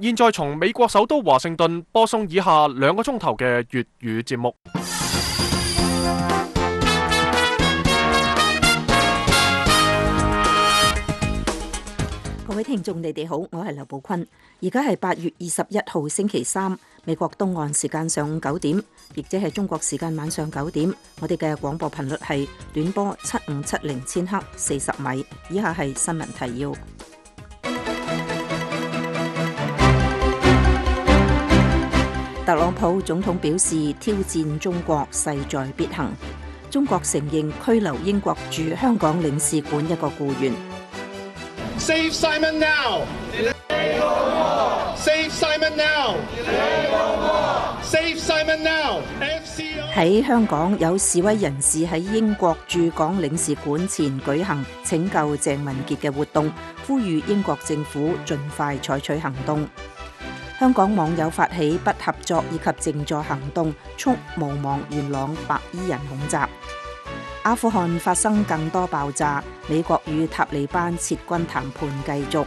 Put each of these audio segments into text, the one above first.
現在從美國首都華盛頓播送以下兩個鐘頭嘅粵語節目。各位聽眾，你哋好，我係劉寶坤。而家係八月二十一號星期三，美國東岸時間上午九點，亦即係中國時間晚上九點。我哋嘅廣播頻率係短波七五七零千赫四十米。以下係新聞提要。特朗普總統表示挑戰中國勢在必行。中國承認拘留英國駐香港領事館一個僱員。Save Simon now! Save Simon now! Save Simon now! 喺香港有示威人士喺英國駐港領事館前舉行拯救鄭文傑嘅活動，呼籲英國政府盡快採取行動。香港網友發起不合作以及靜坐行動，促無望元朗白衣人恐襲。阿富汗發生更多爆炸，美國與塔利班撤軍談判繼續。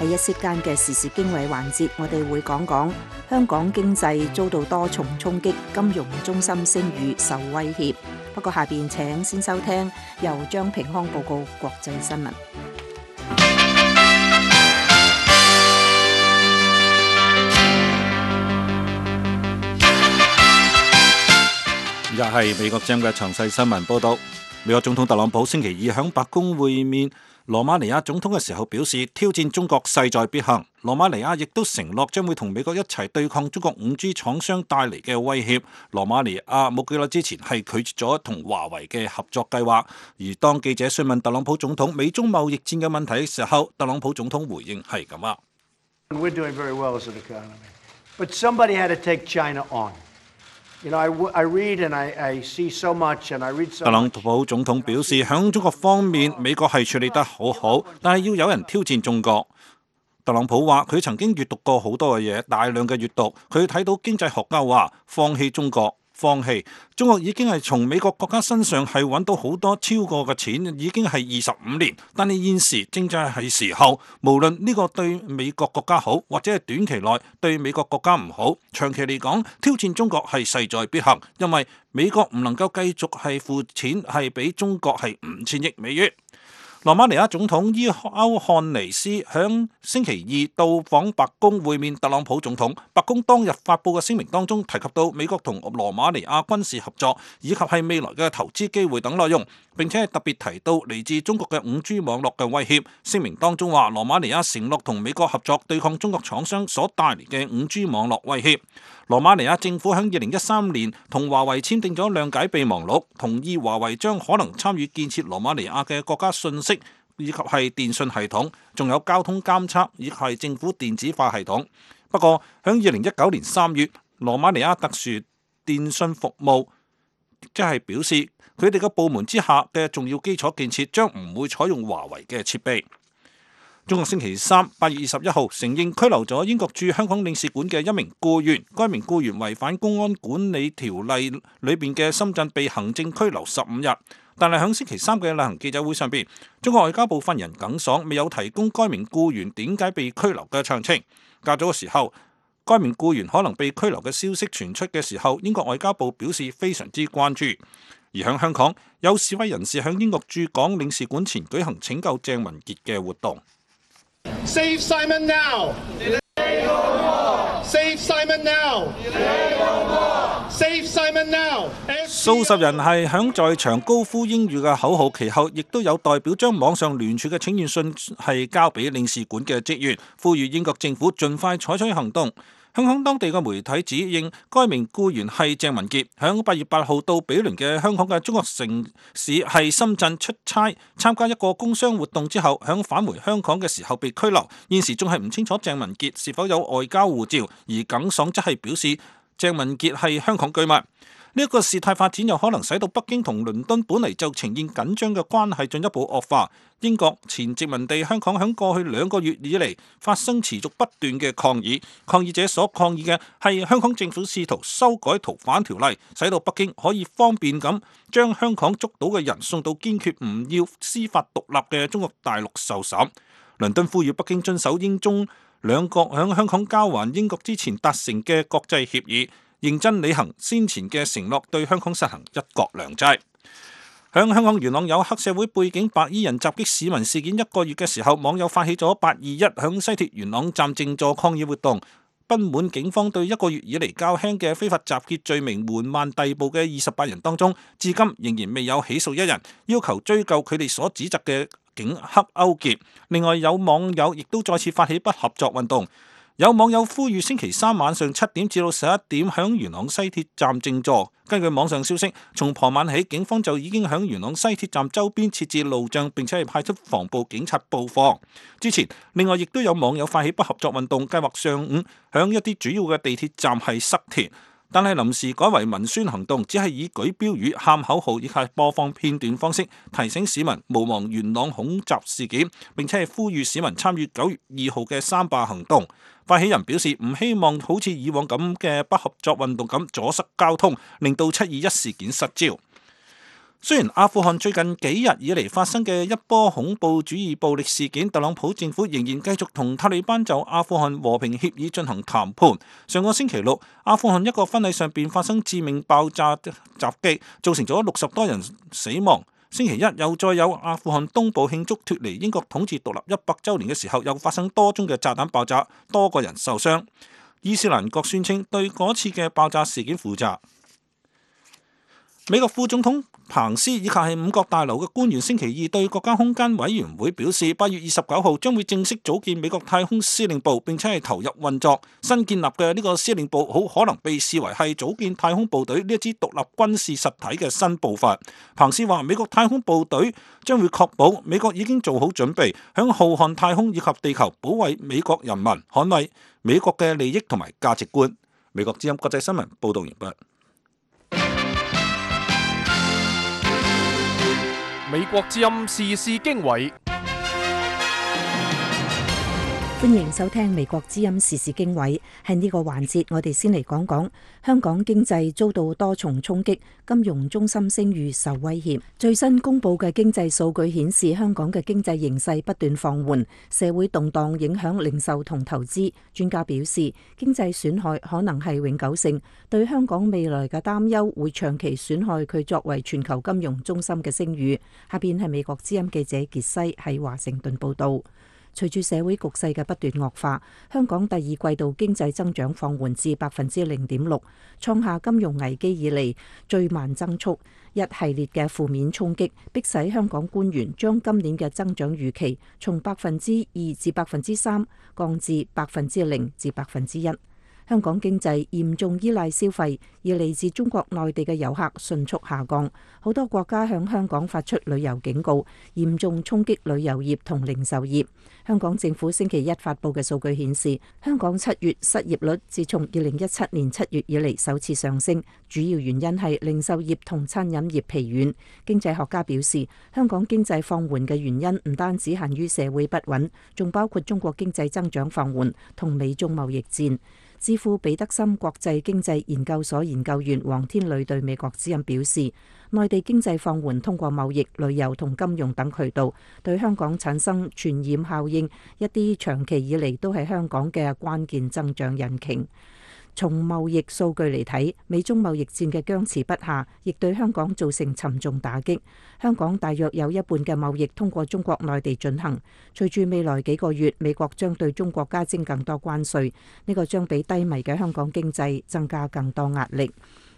喺一息間嘅時事經緯環節，我哋會講講香港經濟遭到多重衝擊，金融中心聲譽受威脅。不過下邊請先收聽由張平康報告國際新聞。又係美國之音嘅詳細新聞報道。美國總統特朗普星期二響白宮會面羅馬尼亞總統嘅時候，表示挑戰中國勢在必行。羅馬尼亞亦都承諾將會同美國一齊對抗中國五 G 廠商帶嚟嘅威脅。羅馬尼亞冇幾耐之前係拒絕咗同華為嘅合作計劃。而當記者詢問特朗普總統美中貿易戰嘅問題嘅時候，特朗普總統回應係咁啊。But somebody had to take China on. 特朗普總統表示，響中國方面，美國係處理得好好，但係要有人挑戰中國。特朗普話，佢曾經閱讀過好多嘅嘢，大量嘅閱讀，佢睇到經濟學家話放棄中國。放棄，中國已經係從美國國家身上係揾到好多超過嘅錢，已經係二十五年。但係現時正在係時候，無論呢個對美國國家好，或者係短期內對美國國家唔好，長期嚟講挑戰中國係勢在必行，因為美國唔能夠繼續係付錢係俾中國係五千億美元。羅馬尼亞總統伊歐漢尼斯響星期二到訪白宮會面特朗普總統。白宮當日發佈嘅聲明當中提及到美國同羅馬尼亞軍事合作以及係未來嘅投資機會等內容，並且係特別提到嚟自中國嘅五 G 網絡嘅威脅。聲明當中話，羅馬尼亞承諾同美國合作對抗中國廠商所帶來嘅五 G 網絡威脅。羅馬尼亞政府喺二零一三年同華為簽訂咗諒解備忘錄，同意華為將可能參與建設羅馬尼亞嘅國家信息以及係電信系統，仲有交通監測以及係政府電子化系統。不過喺二零一九年三月，羅馬尼亞特殊電信服務即係表示佢哋嘅部門之下嘅重要基礎建設將唔會採用華為嘅設備。中國星期三八月二十一號承認拘留咗英國駐香港領事館嘅一名僱員，該名僱員違反公安管理條例裏邊嘅深圳被行政拘留十五日。但係喺星期三嘅例行記者會上邊，中國外交部發言人耿爽未有提供該名僱員點解被拘留嘅詳情。較早嘅時候，該名僱員可能被拘留嘅消息傳出嘅時候，英國外交部表示非常之關注。而喺香港，有示威人士喺英國駐港領事館前舉行拯救鄭文傑嘅活動。Save Simon now! Save Simon now! Save Simon now! 數十人係響在，在場高呼英語嘅口號，其後亦都有代表將網上聯署嘅請願信係交俾領事館嘅職員，呼籲英國政府盡快採取行動。香港當地嘅媒體指認該名僱員係鄭文傑，響八月八號到比鄰嘅香港嘅中國城市係深圳出差，參加一個工商活動之後，響返回香港嘅時候被拘留。現時仲係唔清楚鄭文傑是否有外交護照，而耿爽則係表示鄭文傑係香港居民。呢個事態發展有可能使到北京同倫敦本嚟就呈現緊張嘅關係進一步惡化。英國前殖民地香港響過去兩個月以嚟發生持續不斷嘅抗議，抗議者所抗議嘅係香港政府試圖修改逃犯條例，使到北京可以方便咁將香港捉到嘅人送到堅決唔要司法獨立嘅中國大陸受審。倫敦呼籲北京遵守英中兩國響香港交還英國之前達成嘅國際協議。認真履行先前嘅承諾，對香港實行一國兩制。響香港元朗有黑社會背景白衣人襲擊市民事件一個月嘅時候，網友發起咗八二一響西鐵元朗站靜坐抗議活動，不滿警方對一個月以嚟較輕嘅非法集結罪名緩慢逮捕嘅二十八人當中，至今仍然未有起訴一人，要求追究佢哋所指責嘅警黑勾結。另外有網友亦都再次發起不合作運動。有網友呼籲星期三晚上七點至到十一點響元朗西鐵站靜坐。根據網上消息，從傍晚起，警方就已經響元朗西鐵站周邊設置路障，並且係派出防暴警察布防。之前，另外亦都有網友發起不合作運動，計劃上午響一啲主要嘅地鐵站係塞田。但係臨時改為文宣行動，只係以舉標語、喊口號以及播放片段方式提醒市民，毋忘元朗恐襲事件，並且係呼籲市民參與九月二號嘅三罷行動。發起人表示唔希望好似以往咁嘅不合作運動咁阻塞交通，令到七二一事件失焦。雖然阿富汗最近幾日以嚟發生嘅一波恐怖主義暴力事件，特朗普政府仍然繼續同塔利班就阿富汗和平協議進行談判。上個星期六，阿富汗一個婚禮上便發生致命爆炸襲擊，造成咗六十多人死亡。星期一又再有阿富汗東部慶祝脫離英國統治獨立一百週年嘅時候，又發生多宗嘅炸彈爆炸，多個人受傷。伊斯蘭國宣稱對嗰次嘅爆炸事件負責。美國副總統彭斯以及係五角大樓嘅官員星期二對國家空間委員會表示，八月二十九號將會正式組建美國太空司令部，並且係投入運作。新建立嘅呢個司令部好可能被視為係組建太空部隊呢一支獨立軍事實體嘅新步伐。彭斯話：美國太空部隊將會確保美國已經做好準備，響浩瀚太空以及地球保衛美國人民、捍衛美國嘅利益同埋價值觀。美國之音國際新聞報道完畢。美國之音時事經緯。歡迎收聽《美國之音時事經緯》，喺呢個環節，我哋先嚟講講香港經濟遭到多重衝擊，金融中心聲譽受威脅。最新公布嘅經濟數據顯示，香港嘅經濟形勢不斷放緩，社會動盪影響零售同投資。專家表示，經濟損害可能係永久性，對香港未來嘅擔憂會長期損害佢作為全球金融中心嘅聲譽。下邊係美國之音記者傑西喺華盛頓報道。隨住社會局勢嘅不斷惡化，香港第二季度經濟增長放緩至百分之零點六，創下金融危機以嚟最慢增速。一系列嘅負面衝擊，迫使香港官員將今年嘅增長預期從百分之二至百分之三，降至百分之零至百分之一。香港經濟嚴重依賴消費，而嚟自中國內地嘅遊客迅速下降，好多國家向香港發出旅遊警告，嚴重衝擊旅遊業同零售業。香港政府星期一發布嘅數據顯示，香港七月失業率自從二零一七年七月以來首次上升，主要原因係零售業同餐飲業疲軟。經濟學家表示，香港經濟放緩嘅原因唔單止限於社會不穩，仲包括中國經濟增長放緩同美中貿易戰。智庫彼得森國際經濟研究所研究員黃天磊對美國之音表示，內地經濟放緩通過貿易、旅遊同金融等渠道對香港產生傳染效應，一啲長期以嚟都係香港嘅關鍵增長引擎。從貿易數據嚟睇，美中貿易戰嘅僵持不下，亦對香港造成沉重打擊。香港大約有一半嘅貿易通過中國內地進行。隨住未來幾個月，美國將對中國加徵更多關稅，呢個將比低迷嘅香港經濟增加更多壓力。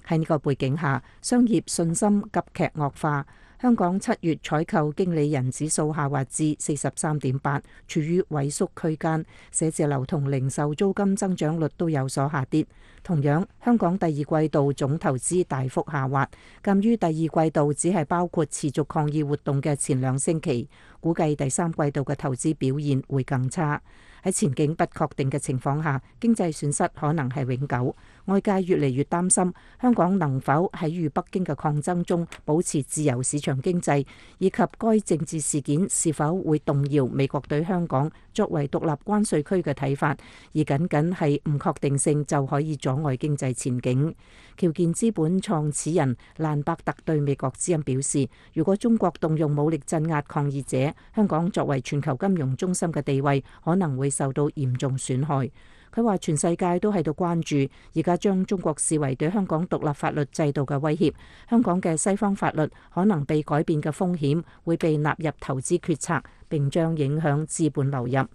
喺呢個背景下，商業信心急劇惡化。香港七月採購經理人指數下滑至四十三點八，處於萎縮區間。寫字樓同零售租金增長率都有所下跌。同樣，香港第二季度總投資大幅下滑，鑒於第二季度只係包括持續抗議活動嘅前兩星期，估計第三季度嘅投資表現會更差。喺前景不確定嘅情況下，經濟損失可能係永久。外界越嚟越擔心香港能否喺與北京嘅抗爭中保持自由市場。場經濟以及該政治事件是否會動搖美國對香港作為獨立關稅區嘅睇法，而僅僅係唔確定性就可以阻礙經濟前景。橋建資本創始人蘭伯特對美國《之音》表示，如果中國動用武力鎮壓抗議者，香港作為全球金融中心嘅地位可能會受到嚴重損害。佢話：全世界都喺度關注，而家將中國視為對香港獨立法律制度嘅威脅，香港嘅西方法律可能被改變嘅風險會被納入投資決策，並將影響資本流入。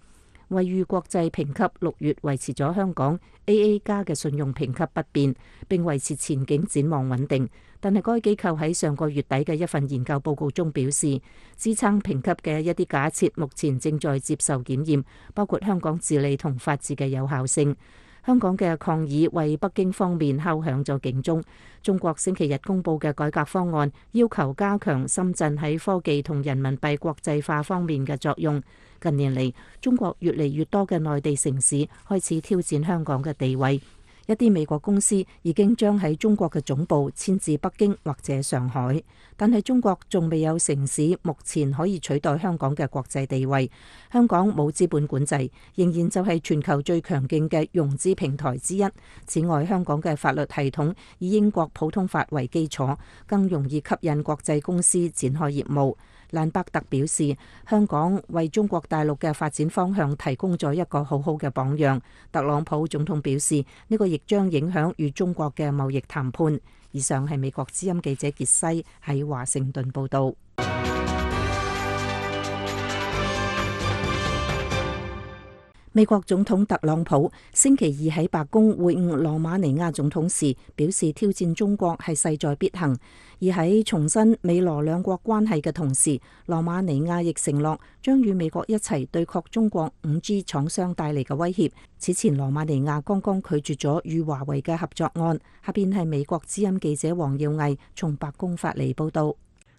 惠譽國際評級六月維持咗香港 AA 加嘅信用評級不變，並維持前景展望穩定。但係，該機構喺上個月底嘅一份研究報告中表示，支撐評級嘅一啲假設目前正在接受檢驗，包括香港治理同法治嘅有效性。香港嘅抗議為北京方面敲響咗警鐘。中國星期日公佈嘅改革方案要求加強深圳喺科技同人民幣國際化方面嘅作用。近年嚟，中國越嚟越多嘅內地城市開始挑戰香港嘅地位。一啲美國公司已經將喺中國嘅總部遷至北京或者上海，但係中國仲未有城市目前可以取代香港嘅國際地位。香港冇資本管制，仍然就係全球最強勁嘅融資平台之一。此外，香港嘅法律系統以英國普通法為基礎，更容易吸引國際公司展開業務。蘭伯特表示，香港為中國大陸嘅發展方向提供咗一個好好嘅榜樣。特朗普總統表示，呢、這個亦將影響與中國嘅貿易談判。以上係美國之音記者傑西喺華盛頓報道。美國總統特朗普星期二喺白宮會晤羅馬尼亞總統時，表示挑戰中國係勢在必行。而喺重申美羅兩國關係嘅同時，羅馬尼亞亦承諾將與美國一齊對抗中國 5G 廠商帶嚟嘅威脅。此前，羅馬尼亞剛剛拒絕咗與華為嘅合作案。下邊係美國之音記者王耀毅從白宮發嚟報導。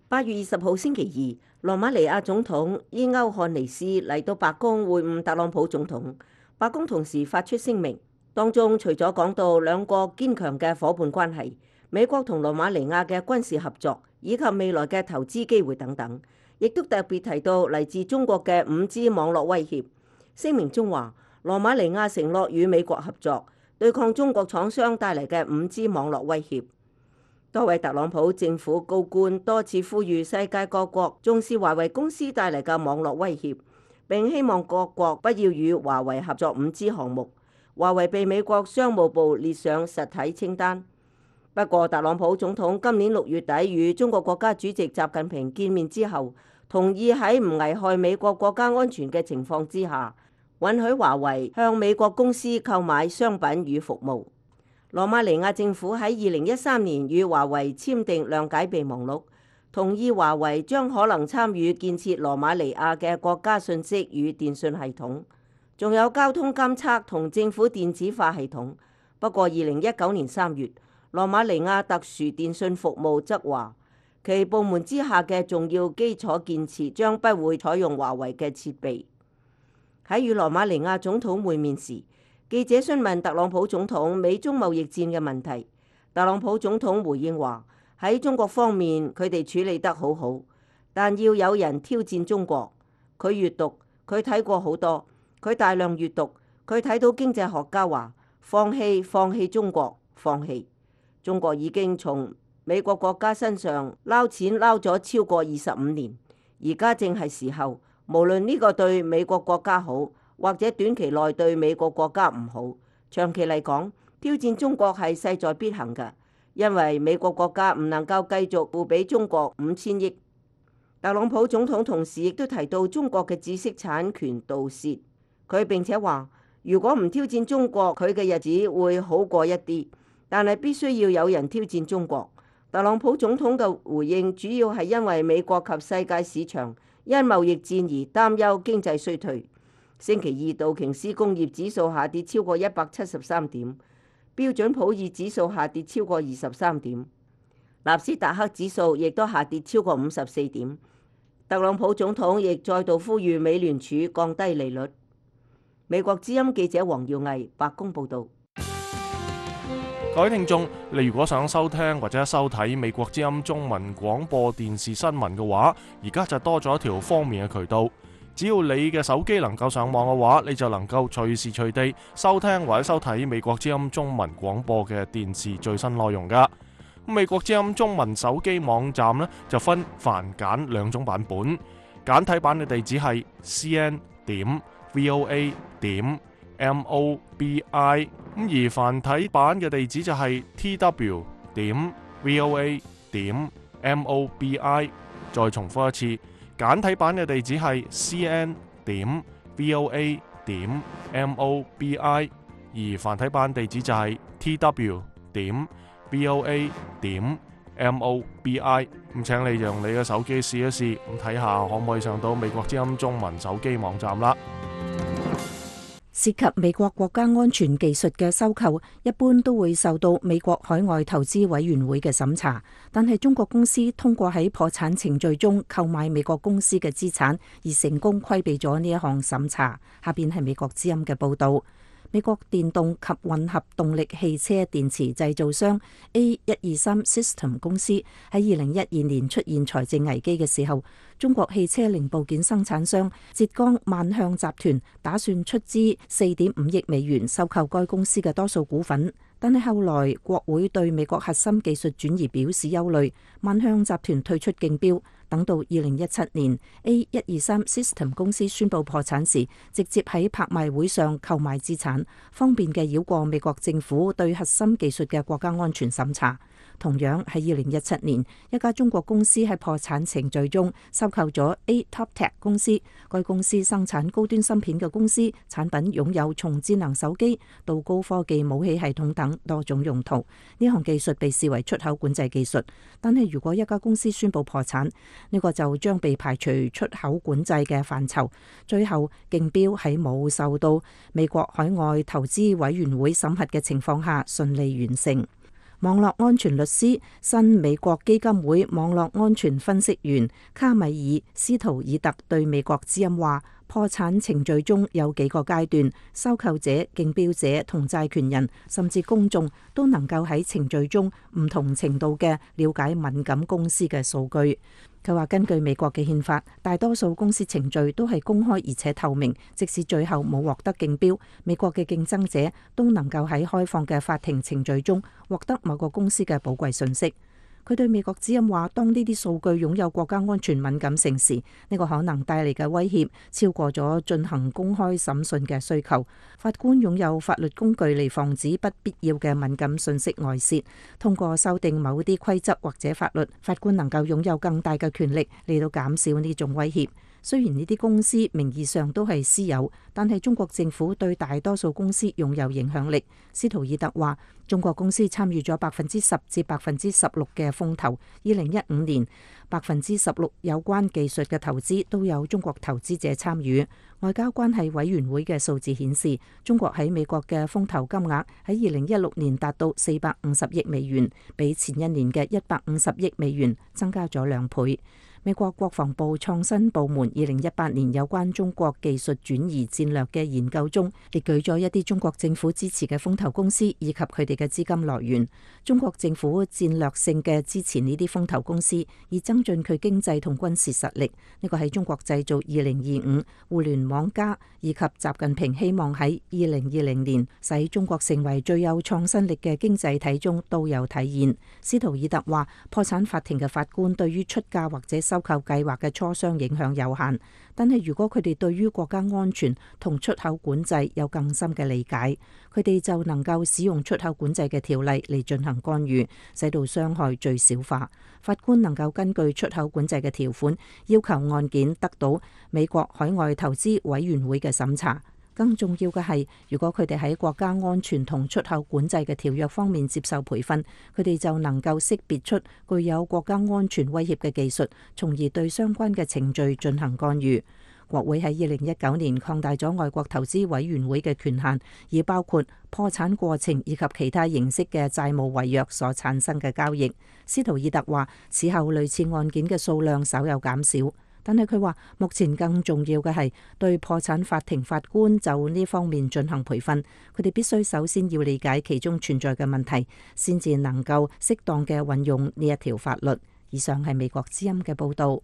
八月二十號星期二，羅馬尼亞總統伊歐漢尼斯嚟到白宮會晤特朗普總統。白宮同時發出聲明，當中除咗講到兩國堅強嘅伙伴關係，美國同羅馬尼亞嘅軍事合作以及未來嘅投資機會等等，亦都特別提到嚟自中國嘅五 G 網絡威脅。聲明中話，羅馬尼亞承諾與美國合作，對抗中國廠商帶嚟嘅五 G 網絡威脅。多位特朗普政府高官多次呼籲世界各國重視華為公司帶嚟嘅網絡威脅，並希望各國不要與華為合作五 G 項目。華為被美國商務部列上實體清單。不過，特朗普總統今年六月底與中國國家主席習近平見面之後，同意喺唔危害美國國家安全嘅情況之下，允許華為向美國公司購買商品與服務。羅馬尼亞政府喺二零一三年與華為簽訂諒解備忘錄，同意華為將可能參與建設羅馬尼亞嘅國家信息與電信系統，仲有交通監測同政府電子化系統。不過，二零一九年三月，羅馬尼亞特殊電信服務則話，其部門之下嘅重要基礎建設將不會採用華為嘅設備。喺與羅馬尼亞總統會面時，記者詢問特朗普總統美中貿易戰嘅問題，特朗普總統回應話：喺中國方面，佢哋處理得好好，但要有人挑戰中國，佢閱讀，佢睇過好多，佢大量閱讀，佢睇到經濟學家話放棄、放棄中國、放棄。中國已經從美國國家身上撈錢撈咗超過二十五年，而家正係時候。無論呢個對美國國家好，或者短期內對美國國家唔好，長期嚟講，挑戰中國係勢在必行㗎，因為美國國家唔能夠繼續付俾中國五千億。特朗普總統同時亦都提到中國嘅知識產權盜竊，佢並且話：如果唔挑戰中國，佢嘅日子會好過一啲。但係必須要有人挑戰中國。特朗普總統嘅回應主要係因為美國及世界市場因貿易戰而擔憂經濟衰退。星期二道瓊斯工業指數下跌超過一百七十三點，標準普爾指數下跌超過二十三點，納斯達克指數亦都下跌超過五十四點。特朗普總統亦再度呼籲美聯儲降低利率。美國之音記者黃耀毅，白宮報導。各位聽眾，你如果想收聽或者收睇美國之音中文廣播電視新聞嘅話，而家就多咗一條方面嘅渠道。只要你嘅手機能夠上網嘅話，你就能夠隨時隨地收聽或者收睇美國之音中文廣播嘅電視最新內容噶。美國之音中文手機網站呢就分繁簡兩種版本，簡體版嘅地址係 cn 點 voa 點 M O B I，咁而繁體版嘅地址就係 T W 點 V O A 點 M O B I，再重複一次，簡體版嘅地址係 C N 點 V O A 點 M O B I，而繁體版地址就係 T W 點 V O A 點 M O B I，咁請你用你嘅手機試一試，咁睇下可唔可以上到美國之音中文手機網站啦。涉及美國國家安全技術嘅收購，一般都會受到美國海外投資委員會嘅審查。但係中國公司通過喺破產程序中購買美國公司嘅資產，而成功規避咗呢一項審查。下面係美國之音嘅報道。美國電動及混合動力汽車電池製造商 A 一二三 System 公司喺二零一二年出現財政危機嘅時候，中國汽車零部件生產商浙江萬向集團打算出資四點五億美元收購該公司嘅多數股份，但係後來國會對美國核心技術轉移表示憂慮，萬向集團退出競標。等到二零一七年，A 一二三 System 公司宣布破產時，直接喺拍賣會上購買資產，方便嘅繞過美國政府對核心技術嘅國家安全審查。同樣喺二零一七年，一家中國公司喺破產程序中，收購咗 A Top Tech 公司。該公司生產高端芯片嘅公司產品，擁有從智能手機到高科技武器系統等多種用途。呢項技術被視為出口管制技術。但係如果一家公司宣布破產，呢個就將被排除出口管制嘅範疇。最後競標喺冇受到美國海外投資委員會審核嘅情況下，順利完成。網絡安全律師、新美國基金會網絡安全分析員卡米爾·斯圖爾特對美國之音話：破產程序中有幾個階段，收購者、競標者、同債權人甚至公眾都能夠喺程序中唔同程度嘅了解敏感公司嘅數據。佢話：他說根據美國嘅憲法，大多數公司程序都係公開而且透明，即使最後冇獲得競標，美國嘅競爭者都能夠喺開放嘅法庭程序中獲得某個公司嘅寶貴信息。佢對美國指引話：當呢啲數據擁有國家安全敏感性時，呢個可能帶嚟嘅威脅超過咗進行公開審訊嘅需求。法官擁有法律工具嚟防止不必要嘅敏感信息外泄。通過修訂某啲規則或者法律，法官能夠擁有更大嘅權力嚟到減少呢種威脅。雖然呢啲公司名義上都係私有，但係中國政府對大多數公司擁有影響力。斯圖爾特話：中國公司參與咗百分之十至百分之十六嘅風投。二零一五年，百分之十六有關技術嘅投資都有中國投資者參與。外交關係委員會嘅數字顯示，中國喺美國嘅風投金額喺二零一六年達到四百五十億美元，比前一年嘅一百五十億美元增加咗兩倍。美國國防部創新部門二零一八年有關中國技術轉移戰略嘅研究中，列舉咗一啲中國政府支持嘅風投公司以及佢哋嘅資金來源。中國政府戰略性嘅支持呢啲風投公司，以增進佢經濟同軍事實力。呢個喺中國製造二零二五、互聯網加以及習近平希望喺二零二零年使中國成為最有創新力嘅經濟體中都有體現。斯圖爾特話：破產法庭嘅法官對於出價或者。收購計劃嘅磋商影響有限，但係如果佢哋對於國家安全同出口管制，有更深嘅理解，佢哋就能夠使用出口管制嘅條例嚟進行干預，使到傷害最小化。法官能夠根據出口管制嘅條款，要求案件得到美國海外投資委員會嘅審查。更重要嘅係如果佢哋喺國家安全同出口管制嘅條約方面接受培訓，佢哋就能夠識別出具有國家安全威脅嘅技術，從而對相關嘅程序進行干預。國會喺二零一九年擴大咗外國投資委員會嘅權限，以包括破產過程以及其他形式嘅債務違約所產生嘅交易。斯圖爾特話，此後類似案件嘅數量稍有減少。但係佢話，目前更重要嘅係對破產法庭法官就呢方面進行培訓，佢哋必須首先要理解其中存在嘅問題，先至能夠適當嘅運用呢一條法律。以上係美國之音嘅報道。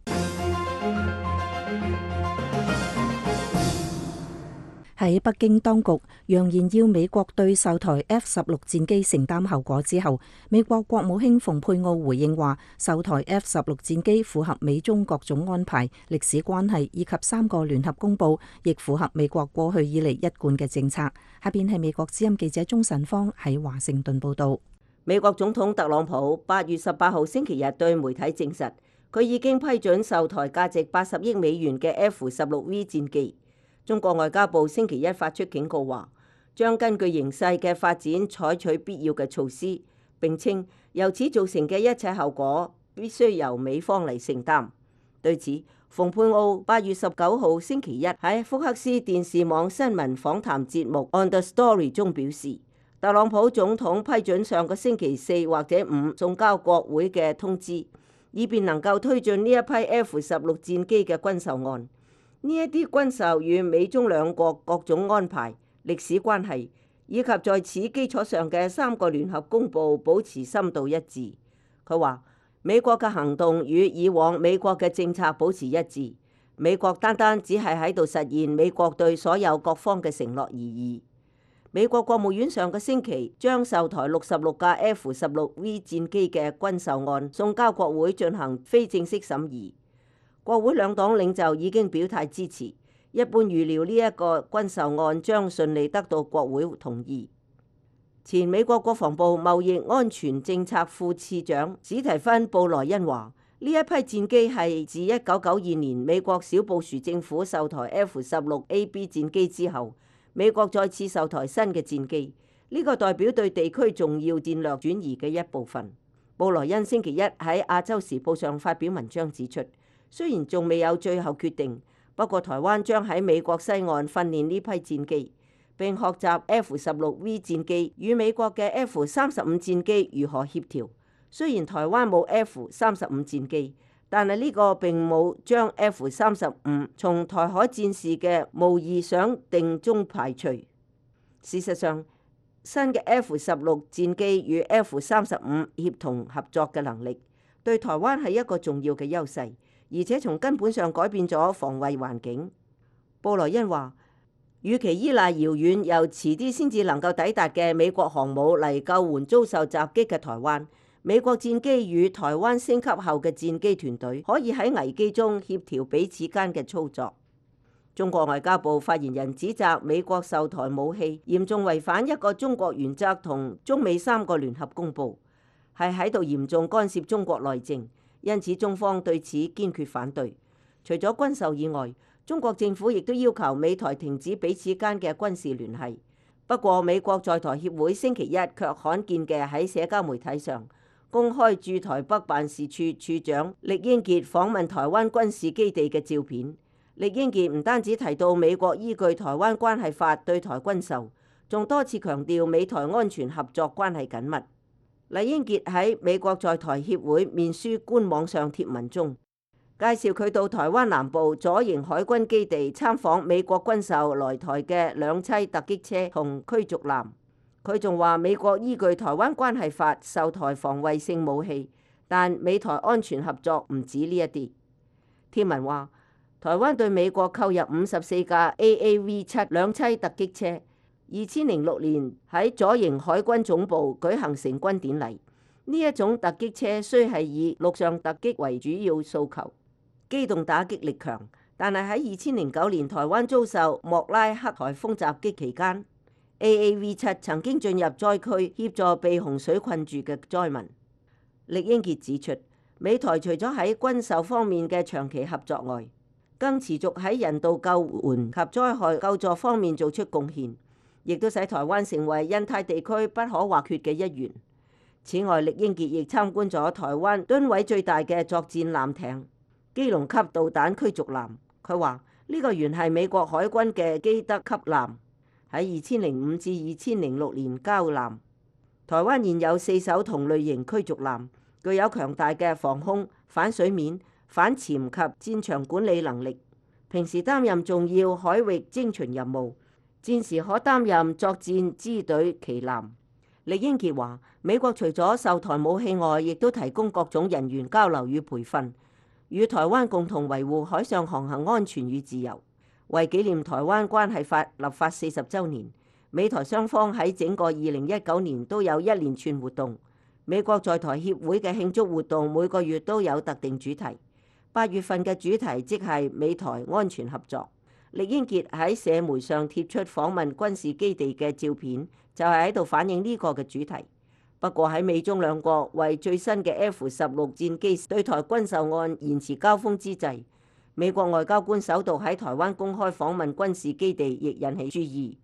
喺北京當局揚言要美國對售台 F 十六戰機承擔後果之後，美國國務卿蓬佩奧回應話，售台 F 十六戰機符合美中各種安排，歷史關係以及三個聯合公報，亦符合美國過去以嚟一貫嘅政策。下邊係美國之音記者鍾晨芳喺華盛頓報道。美國總統特朗普八月十八號星期日對媒體證實，佢已經批准售台價值八十億美元嘅 F 十六 V 戰機。中國外交部星期一發出警告話，將根據形勢嘅發展採取必要嘅措施。並稱由此造成嘅一切後果必須由美方嚟承擔。對此，蓬佩奧八月十九號星期一喺福克斯電視網新聞訪談節目《On the Story》中表示，特朗普總統批准上個星期四或者五送交國會嘅通知，以便能夠推進呢一批 F 十六戰機嘅軍售案。呢一啲軍售與美中兩國各種安排、歷史關係以及在此基礎上嘅三個聯合公佈保持深度一致。佢話美國嘅行動與以往美國嘅政策保持一致。美國單單只係喺度實現美國對所有各方嘅承諾而已。美國國務院上個星期將售台六十六架 F 十六 V 戰機嘅軍售案送交國會進行非正式審議。國會兩黨領袖已經表態支持，一般預料呢一個軍售案將順利得到國會同意。前美國國防部貿易安全政策副次長史提芬·布萊恩話：呢一批戰機係自一九九二年美國小布殊政府售台 F 十六 A B 戰機之後，美國再次售台新嘅戰機。呢個代表對地區重要戰略轉移嘅一部分。布萊恩星期一喺《亞洲時報》上發表文章指出。雖然仲未有最後決定，不過台灣將喺美國西岸訓練呢批戰機，並學習 F 十六 V 戰機與美國嘅 F 三十五戰機如何協調。雖然台灣冇 F 三十五戰機，但係呢個並冇將 F 三十五從台海戰事嘅無意想定中排除。事實上，新嘅 F 十六戰機與 F 三十五協同合作嘅能力，對台灣係一個重要嘅優勢。而且從根本上改變咗防衛環境。布萊恩話，與其依賴遙遠又遲啲先至能夠抵達嘅美國航母嚟救援遭受襲擊嘅台灣，美國戰機與台灣升級後嘅戰機團隊可以喺危機中協調彼此間嘅操作。中國外交部發言人指責美國售台武器嚴重違反一個中國原則同中美三個聯合公報，係喺度嚴重干涉中國內政。因此，中方對此堅決反對。除咗軍售以外，中國政府亦都要求美台停止彼此間嘅軍事聯繫。不過，美國在台協會星期一卻罕見嘅喺社交媒體上公開駐台北辦事處處長力英傑訪問台灣軍事基地嘅照片。力英傑唔單止提到美國依據《台灣關係法》對台軍售，仲多次強調美台安全合作關係緊密。酈英傑喺美國在台協會面書官網上貼文中介紹佢到台灣南部左營海軍基地參訪美國軍售來台嘅兩棲突擊車同驅逐艦。佢仲話美國依據台灣關係法售台防衛性武器，但美台安全合作唔止呢一啲。貼文話台灣對美國購入五十四架 AAV 七兩棲突擊車。二千零六年喺左營海軍總部舉行成軍典禮。呢一種突擊車雖係以陸上突擊為主要訴求，機動打擊力強，但係喺二千零九年台灣遭受莫拉克颱風襲擊期間，A A V 七曾經進入災區協助被洪水困住嘅災民。酈英傑指出，美台除咗喺軍售方面嘅長期合作外，更持續喺人道救援及災害救助方面做出貢獻。亦都使台灣成為印太地區不可或缺嘅一員。此外，力英傑亦參觀咗台灣噸位最大嘅作戰艦艇基隆級導彈驅逐艦。佢話：呢個原係美國海軍嘅基德級艦，喺二千零五至二千零六年交艦。台灣現有四艘同類型驅逐艦，具有強大嘅防空、反水面、反潛及戰場管理能力，平時擔任重要海域偵巡任務。戰時可擔任作戰支隊旗艦。李英傑話：美國除咗售台武器外，亦都提供各種人員交流與培訓，與台灣共同維護海上航行安全與自由。為紀念《台灣關係法》立法四十週年，美台雙方喺整個二零一九年都有一連串活動。美國在台協會嘅慶祝活動每個月都有特定主題，八月份嘅主題即係美台安全合作。力英傑喺社媒上貼出訪問軍事基地嘅照片，就係喺度反映呢個嘅主題。不過喺美中兩國為最新嘅 F 十六戰機對台軍售案延遲交鋒之際，美國外交官首度喺台灣公開訪問軍事基地，亦引起注意。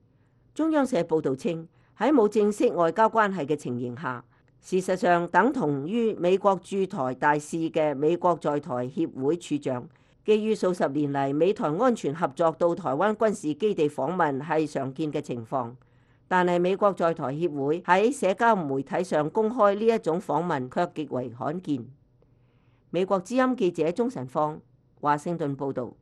中央社報道稱，喺冇正式外交關係嘅情形下，事實上等同於美國駐台大使嘅美國在台協會處長。基於數十年嚟美台安全合作，到台灣軍事基地訪問係常見嘅情況，但係美國在台協會喺社交媒體上公開呢一種訪問卻極為罕見。美國之音記者鍾晨方，華盛頓報導。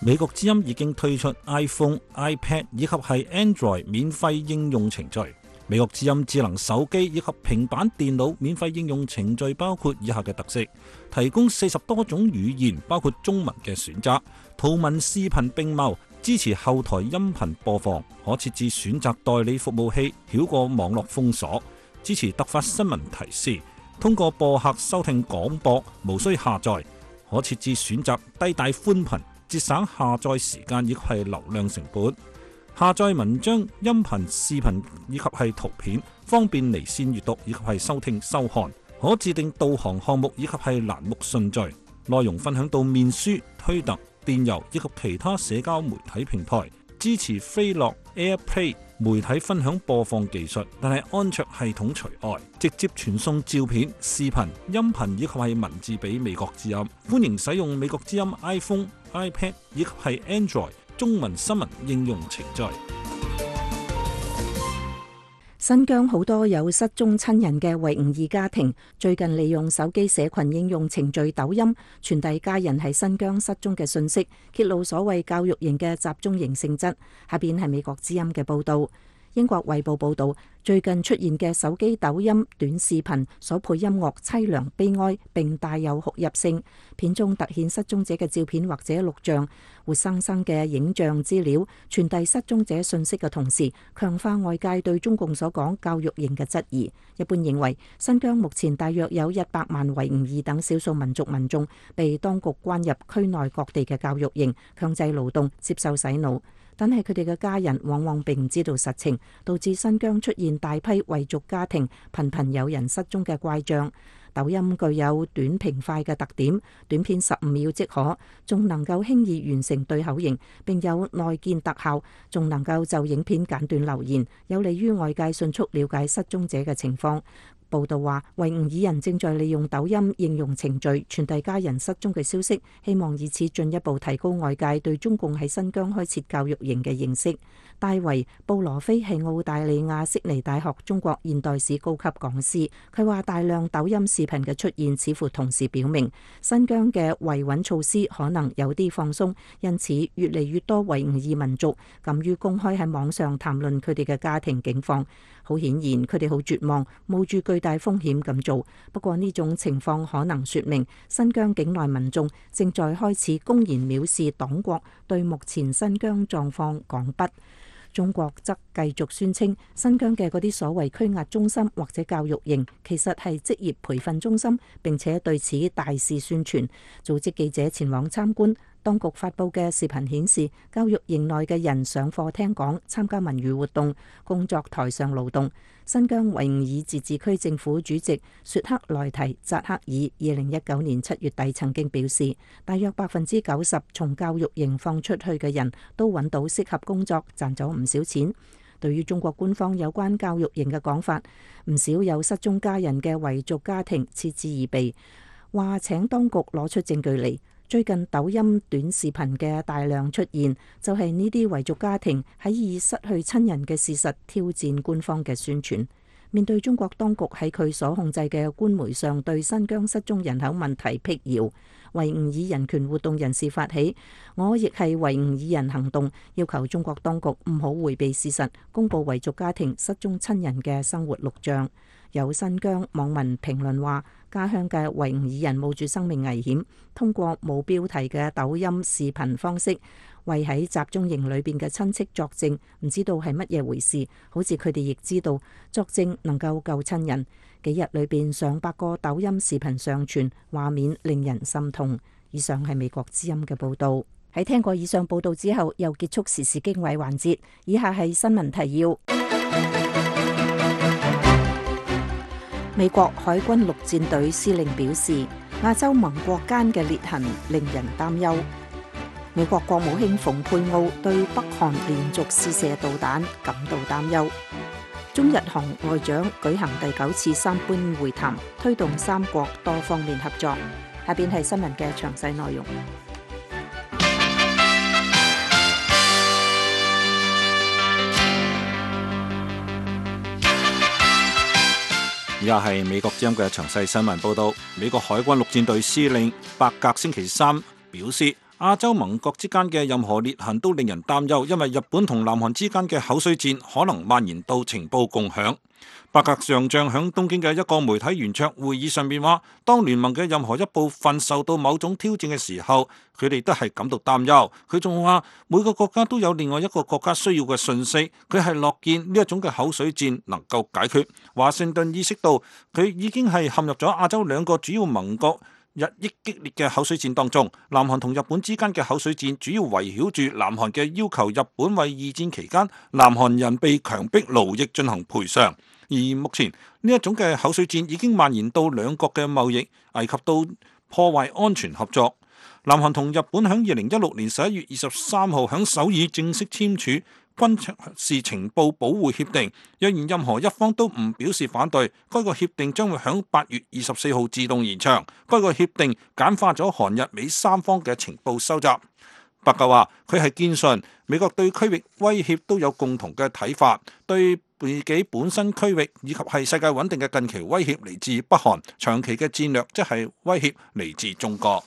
美國之音已經推出 iPhone、iPad 以及係 Android 免費應用程序。美國之音智能手機以及平板電腦免費應用程序包括以下嘅特色：提供四十多種語言，包括中文嘅選擇；圖文視頻並茂，支持後台音頻播放；可設置選擇代理服務器，繞過網絡封鎖；支持突發新聞提示；通過播客收聽廣播，無需下載；可設置選擇低帶寬頻，節省下載時間亦係流量成本。下載文章、音頻、視頻以及係圖片，方便離線閱讀以及係收聽收看。可制定導航項目以及係欄目順序。內容分享到面書、推特、電郵以及其他社交媒體平台。支持飛樂 AirPlay 媒體分享播放技術，但係安卓系統除外。直接傳送照片、視頻、音頻以及係文字俾美國之音。歡迎使用美國之音 iPhone、iPad 以及係 Android。中文新聞應用程序，新疆好多有失蹤親人嘅維吾爾家庭，最近利用手機社群應用程序抖音傳遞家人喺新疆失蹤嘅信息，揭露所謂教育營嘅集中營性質。下邊係美國之音嘅報道。英國衛報報道，最近出現嘅手機抖音短視頻所配音樂淒涼悲哀，並帶有哭泣聲。片中突顯失蹤者嘅照片或者錄像，活生生嘅影像資料，傳遞失蹤者信息嘅同時，強化外界對中共所講教育營嘅質疑。一般認為，新疆目前大約有一百萬維吾爾等少數民族民眾被當局關入區內各地嘅教育營，強制勞動，接受洗腦。但係佢哋嘅家人往往並唔知道實情，導致新疆出現大批維族家庭頻頻有人失蹤嘅怪象。抖音具有短平快嘅特點，短片十五秒即可，仲能夠輕易完成對口型，並有內建特效，仲能夠就影片簡短留言，有利於外界迅速了解失蹤者嘅情況。報道話，維吾爾人正在利用抖音應用程序傳遞家人失蹤嘅消息，希望以此進一步提高外界對中共喺新疆開設教育營嘅認識。戴維·布羅菲係澳大利亞悉尼大學中國現代史高級講師，佢話：大量抖音視頻嘅出現，似乎同時表明新疆嘅維穩措施可能有啲放鬆，因此越嚟越多維吾爾民族敢於公開喺網上談論佢哋嘅家庭境況。好顯然，佢哋好絕望，冒住巨大風險咁做。不過呢種情況可能説明新疆境內民眾正在開始公然藐視黨國，對目前新疆狀況講不。中國則繼續宣稱新疆嘅嗰啲所謂拘押中心或者教育營其實係職業培訓中心，並且對此大肆宣傳，組織記者前往參觀。當局發佈嘅視頻顯示，教育營內嘅人上課聽講、參加文娛活動、工作台上勞動。新疆維吾爾自治區政府主席雪克來提·扎克爾二零一九年七月底曾經表示，大約百分之九十從教育營放出去嘅人都揾到適合工作，賺咗唔少錢。對於中國官方有關教育營嘅講法，唔少有失蹤家人嘅維族家庭嗤之以鼻，話請當局攞出證據嚟。最近抖音短視頻嘅大量出現，就係呢啲維族家庭喺以失去親人嘅事實挑戰官方嘅宣傳。面對中國當局喺佢所控制嘅官媒上對新疆失蹤人口問題辟謠。維吾爾人權活動人士發起，我亦係維吾爾人行動，要求中國當局唔好回避事實，公布維族家庭失蹤親人嘅生活錄像。有新疆網民評論話：家鄉嘅維吾爾人冒住生命危險，通過冇標題嘅抖音視頻方式，為喺集中營裏邊嘅親戚作證，唔知道係乜嘢回事，好似佢哋亦知道作證能夠救親人。幾日裏邊，上百個抖音視頻上傳，畫面令人心痛。以上係美國之音嘅報道。喺聽過以上報道之後，又結束時事經緯環節。以下係新聞提要。美國海軍陸戰隊司令表示，亞洲盟國間嘅裂痕令人擔憂。美國國務卿蓬佩奧對北韓連續試射導彈感到擔憂。中日韓外長舉行第九次三邊會談，推動三國多方面合作。下邊係新聞嘅詳細內容。而家係美國之音嘅詳細新聞報道。美國海軍陸戰隊司令伯格星期三表示。亞洲盟國之間嘅任何裂痕都令人擔憂，因為日本同南韓之間嘅口水戰可能蔓延到情報共享。白格上將響東京嘅一個媒體圓桌會議上面話：當聯盟嘅任何一部分受到某種挑戰嘅時候，佢哋都係感到擔憂。佢仲話每個國家都有另外一個國家需要嘅訊息，佢係樂見呢一種嘅口水戰能夠解決。華盛頓意識到佢已經係陷入咗亞洲兩個主要盟國。日益激烈嘅口水戰當中，南韓同日本之間嘅口水戰主要圍繞住南韓嘅要求日本為二戰期間南韓人被強迫勞役進行賠償，而目前呢一種嘅口水戰已經蔓延到兩國嘅貿易，危及到破壞安全合作。南韓同日本響二零一六年十一月二十三號響首爾正式簽署，軍事情報保護協定，若然任何一方都唔表示反對，該個協定將會響八月二十四號自動延長。該個協定簡化咗韓日美三方嘅情報收集。白鴿話：佢係堅信美國對區域威脅都有共同嘅睇法，對自己本身區域以及係世界穩定嘅近期威脅嚟自北韓，長期嘅戰略即係威脅嚟自中國。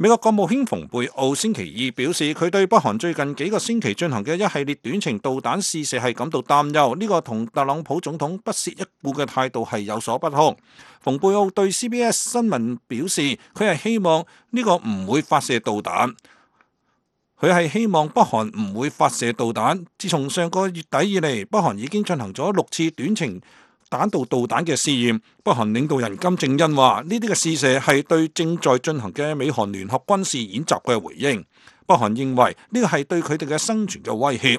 美國國務卿蓬佩奧星期二表示，佢對北韓最近幾個星期進行嘅一系列短程導彈試射係感到擔憂。呢個同特朗普總統不屑一顧嘅態度係有所不同。蓬佩奧對 CBS 新聞表示，佢係希望呢個唔會發射導彈，佢係希望北韓唔會發射導彈。自從上個月底以嚟，北韓已經進行咗六次短程。彈道導彈嘅試驗，北韓領導人金正恩話：呢啲嘅試射係對正在進行嘅美韓聯合軍事演習嘅回應。北韓認為呢個係對佢哋嘅生存嘅威脅。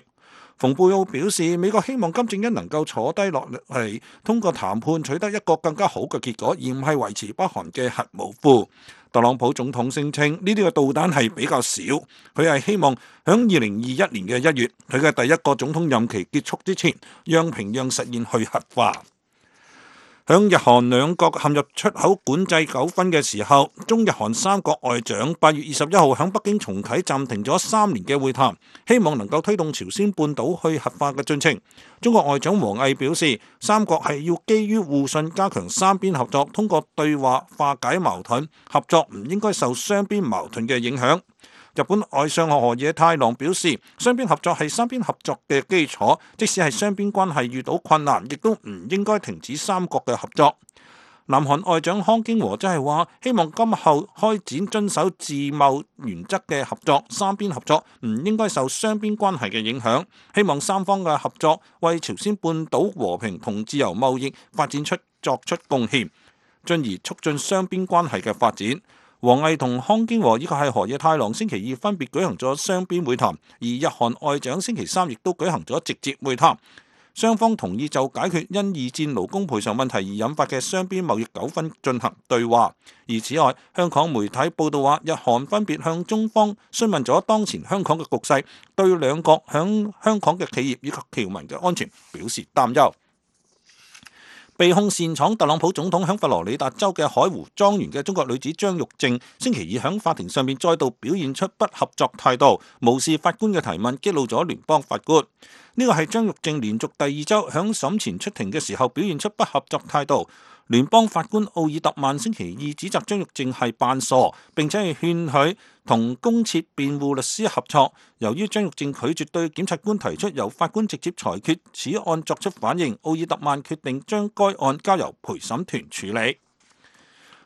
蓬佩奧表示，美國希望金正恩能夠坐低落嚟，通過談判取得一個更加好嘅結果，而唔係維持北韓嘅核武庫。特朗普總統聲稱，呢啲嘅導彈係比較少，佢係希望響二零二一年嘅一月，佢嘅第一個總統任期結束之前，讓平壤實現去核化。響日韓兩國陷入出口管制糾紛嘅時候，中日韓三國外長八月二十一號喺北京重啟暫停咗三年嘅會談，希望能夠推動朝鮮半島去核化嘅進程。中國外長王毅表示，三國係要基於互信加強三邊合作，通過對話化解矛盾，合作唔應該受雙邊矛盾嘅影響。日本外相河野太郎表示，雙邊合作係三邊合作嘅基礎，即使係雙邊關係遇到困難，亦都唔應該停止三國嘅合作。南韓外長康京和就係話，希望今後開展遵守自貿原則嘅合作，三邊合作唔應該受雙邊關係嘅影響，希望三方嘅合作為朝鮮半島和平同自由貿易發展出作出貢獻，進而促進雙邊關係嘅發展。王毅同康京和以及係河野太郎星期二分別舉行咗雙邊會談，而日韓外長星期三亦都舉行咗直接會談，雙方同意就解決因二戰勞工賠償問題而引發嘅雙邊貿易糾紛進行對話。而此外，香港媒體報道話，日韓分別向中方詢問咗當前香港嘅局勢，對兩國響香港嘅企業以及僑民嘅安全表示擔憂。被控擅闖特朗普總統響佛羅里達州嘅海湖莊園嘅中國女子張玉靜，星期二響法庭上面再度表現出不合作態度，無視法官嘅提問，激怒咗聯邦法官。呢個係張玉靜連續第二周響審前出庭嘅時候表現出不合作態度。聯邦法官奧爾特曼星期二指責張玉正係扮傻，並且係勸佢同公設辯護律師合作。由於張玉正拒絕對檢察官提出由法官直接裁決此案作出反應，奧爾特曼決定將該案交由陪審團處理。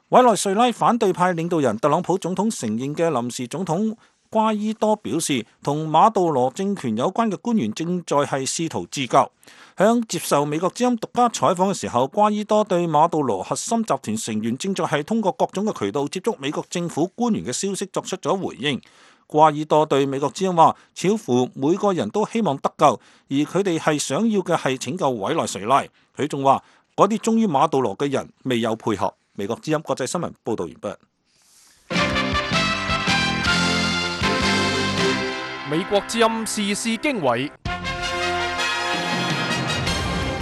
委內瑞拉反對派領導人特朗普總統承認嘅臨時總統。瓜伊多表示，同馬杜羅政權有關嘅官員正在係試圖自救。響接受美國之音獨家採訪嘅時候，瓜伊多對馬杜羅核心集團成員正在係通過各種嘅渠道接觸美國政府官員嘅消息作出咗回應。瓜伊多對美國之音話，似乎每個人都希望得救，而佢哋係想要嘅係拯救委內瑞拉。佢仲話，嗰啲忠於馬杜羅嘅人未有配合。美國之音國際新聞報導完畢。美國之音時事經緯。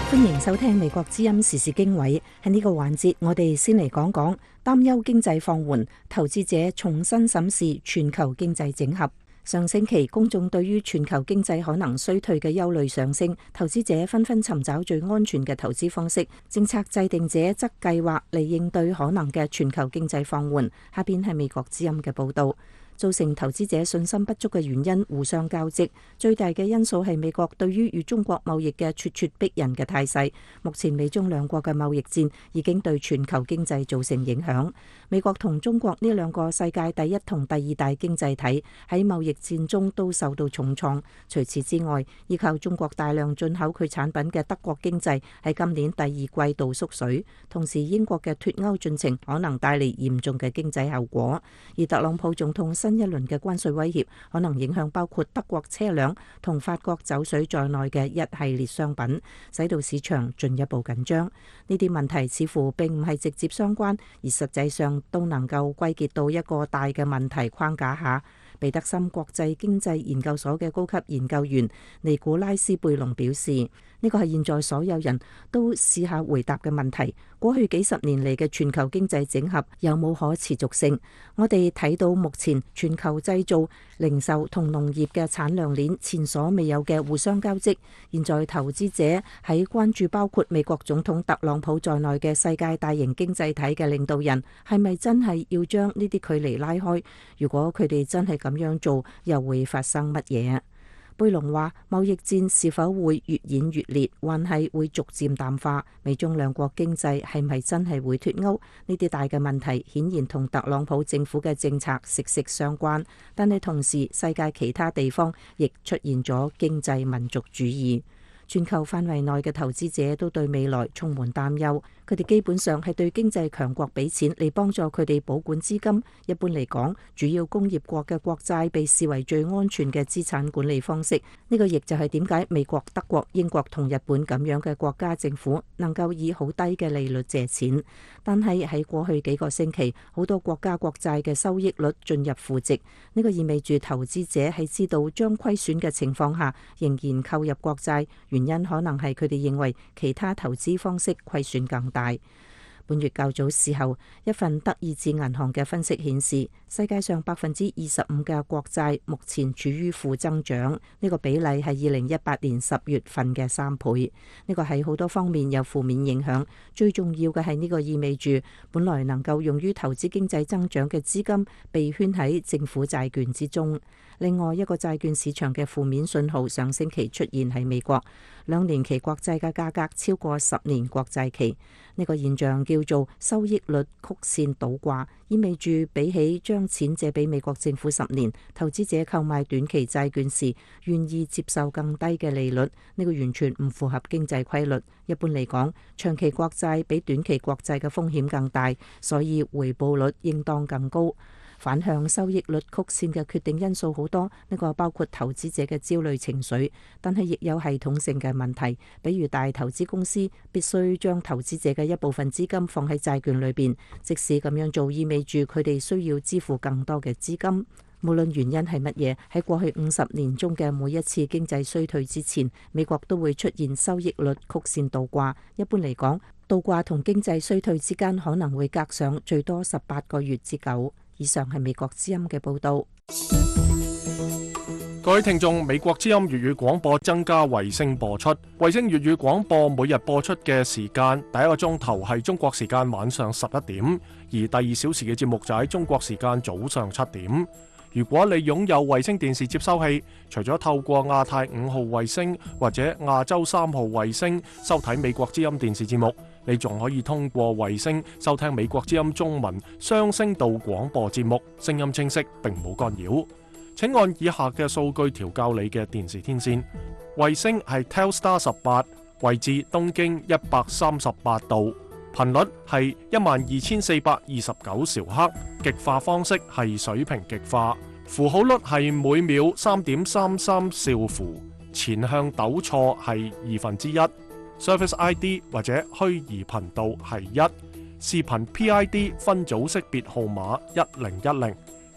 歡迎收聽美國之音時事經緯。喺呢個環節，我哋先嚟講講擔憂經濟放緩，投資者重新審視全球經濟整合。上星期，公眾對於全球經濟可能衰退嘅憂慮上升，投資者紛紛尋找最安全嘅投資方式。政策制定者則計劃嚟應對可能嘅全球經濟放緩。下邊係美國之音嘅報道。造成投資者信心不足嘅原因互相交織，最大嘅因素係美國對於與中國貿易嘅咄咄逼人嘅態勢。目前美中兩國嘅貿易戰已經對全球經濟造成影響，美國同中國呢兩個世界第一同第二大經濟體喺貿易戰中都受到重創。除此之外，依靠中國大量進口佢產品嘅德國經濟喺今年第二季度縮水，同時英國嘅脫歐進程可能帶嚟嚴重嘅經濟後果。而特朗普總統新新一輪嘅關稅威脅可能影響包括德國車輛同法國酒水在內嘅一系列商品，使到市場進一步緊張。呢啲問題似乎並唔係直接相關，而實際上都能夠歸結到一個大嘅問題框架下。彼得森國際經濟研究所嘅高級研究員尼古拉斯貝隆表示。呢個係現在所有人都試下回答嘅問題。過去幾十年嚟嘅全球經濟整合有冇可持續性？我哋睇到目前全球製造、零售同農業嘅產量鏈前所未有嘅互相交織。現在投資者喺關注包括美國總統特朗普在內嘅世界大型經濟體嘅領導人，係咪真係要將呢啲距離拉開？如果佢哋真係咁樣做，又會發生乜嘢？貝隆話：貿易戰是否會越演越烈，還係會逐漸淡化？美中兩國經濟係咪真係會脫鈎？呢啲大嘅問題顯然同特朗普政府嘅政策息息相關。但係同時，世界其他地方亦出現咗經濟民族主義，全球範圍內嘅投資者都對未來充滿擔憂。佢哋基本上係對經濟強國俾錢嚟幫助佢哋保管資金。一般嚟講，主要工業國嘅國債被視為最安全嘅資產管理方式。呢個亦就係點解美國、德國、英國同日本咁樣嘅國家政府能夠以好低嘅利率借錢。但係喺過去幾個星期，好多國家國債嘅收益率進入負值。呢個意味住投資者喺知道將虧損嘅情況下，仍然購入國債。原因可能係佢哋認為其他投資方式虧損更大。本月較早時候，一份德意志銀行嘅分析顯示，世界上百分之二十五嘅國債目前處於負增長，呢個比例係二零一八年十月份嘅三倍。呢個喺好多方面有負面影響，最重要嘅係呢個意味住本來能夠用於投資經濟增長嘅資金被圈喺政府債券之中。另外一個債券市場嘅負面信號上星期出現喺美國，兩年期國債嘅價格超過十年國債期，呢個現象叫做收益率曲線倒掛，意味住比起將錢借俾美國政府十年，投資者購買短期債券時願意接受更低嘅利率，呢個完全唔符合經濟規律。一般嚟講，長期國債比短期國債嘅風險更大，所以回報率應當更高。反向收益率曲線嘅決定因素好多，呢個包括投資者嘅焦慮情緒，但係亦有系統性嘅問題，比如大投資公司必須將投資者嘅一部分資金放喺債券裏邊，即使咁樣做意味住佢哋需要支付更多嘅資金。無論原因係乜嘢，喺過去五十年中嘅每一次經濟衰退之前，美國都會出現收益率曲線倒掛。一般嚟講，倒掛同經濟衰退之間可能會隔上最多十八個月之久。以上係美國之音嘅報導。各位聽眾，美國之音粵語廣播增加衛星播出。衛星粵語廣播每日播出嘅時間，第一個鐘頭係中國時間晚上十一點，而第二小時嘅節目就喺中國時間早上七點。如果你擁有衛星電視接收器，除咗透過亞太五號衛星或者亞洲三號衛星收睇美國之音電視節目，你仲可以通過衛星收聽美國之音中文雙聲道廣播節目，聲音清晰並冇干擾。請按以下嘅數據調校你嘅電視天線。衛星係 Telstar 十八，位置東經一百三十八度。頻率係一萬二千四百二十九兆赫，極化方式係水平極化，符號率係每秒三點三三兆符，前向抖錯係二分之一，Service ID 或者虛擬頻道係一，視頻 PID 分組識別號碼一零一零，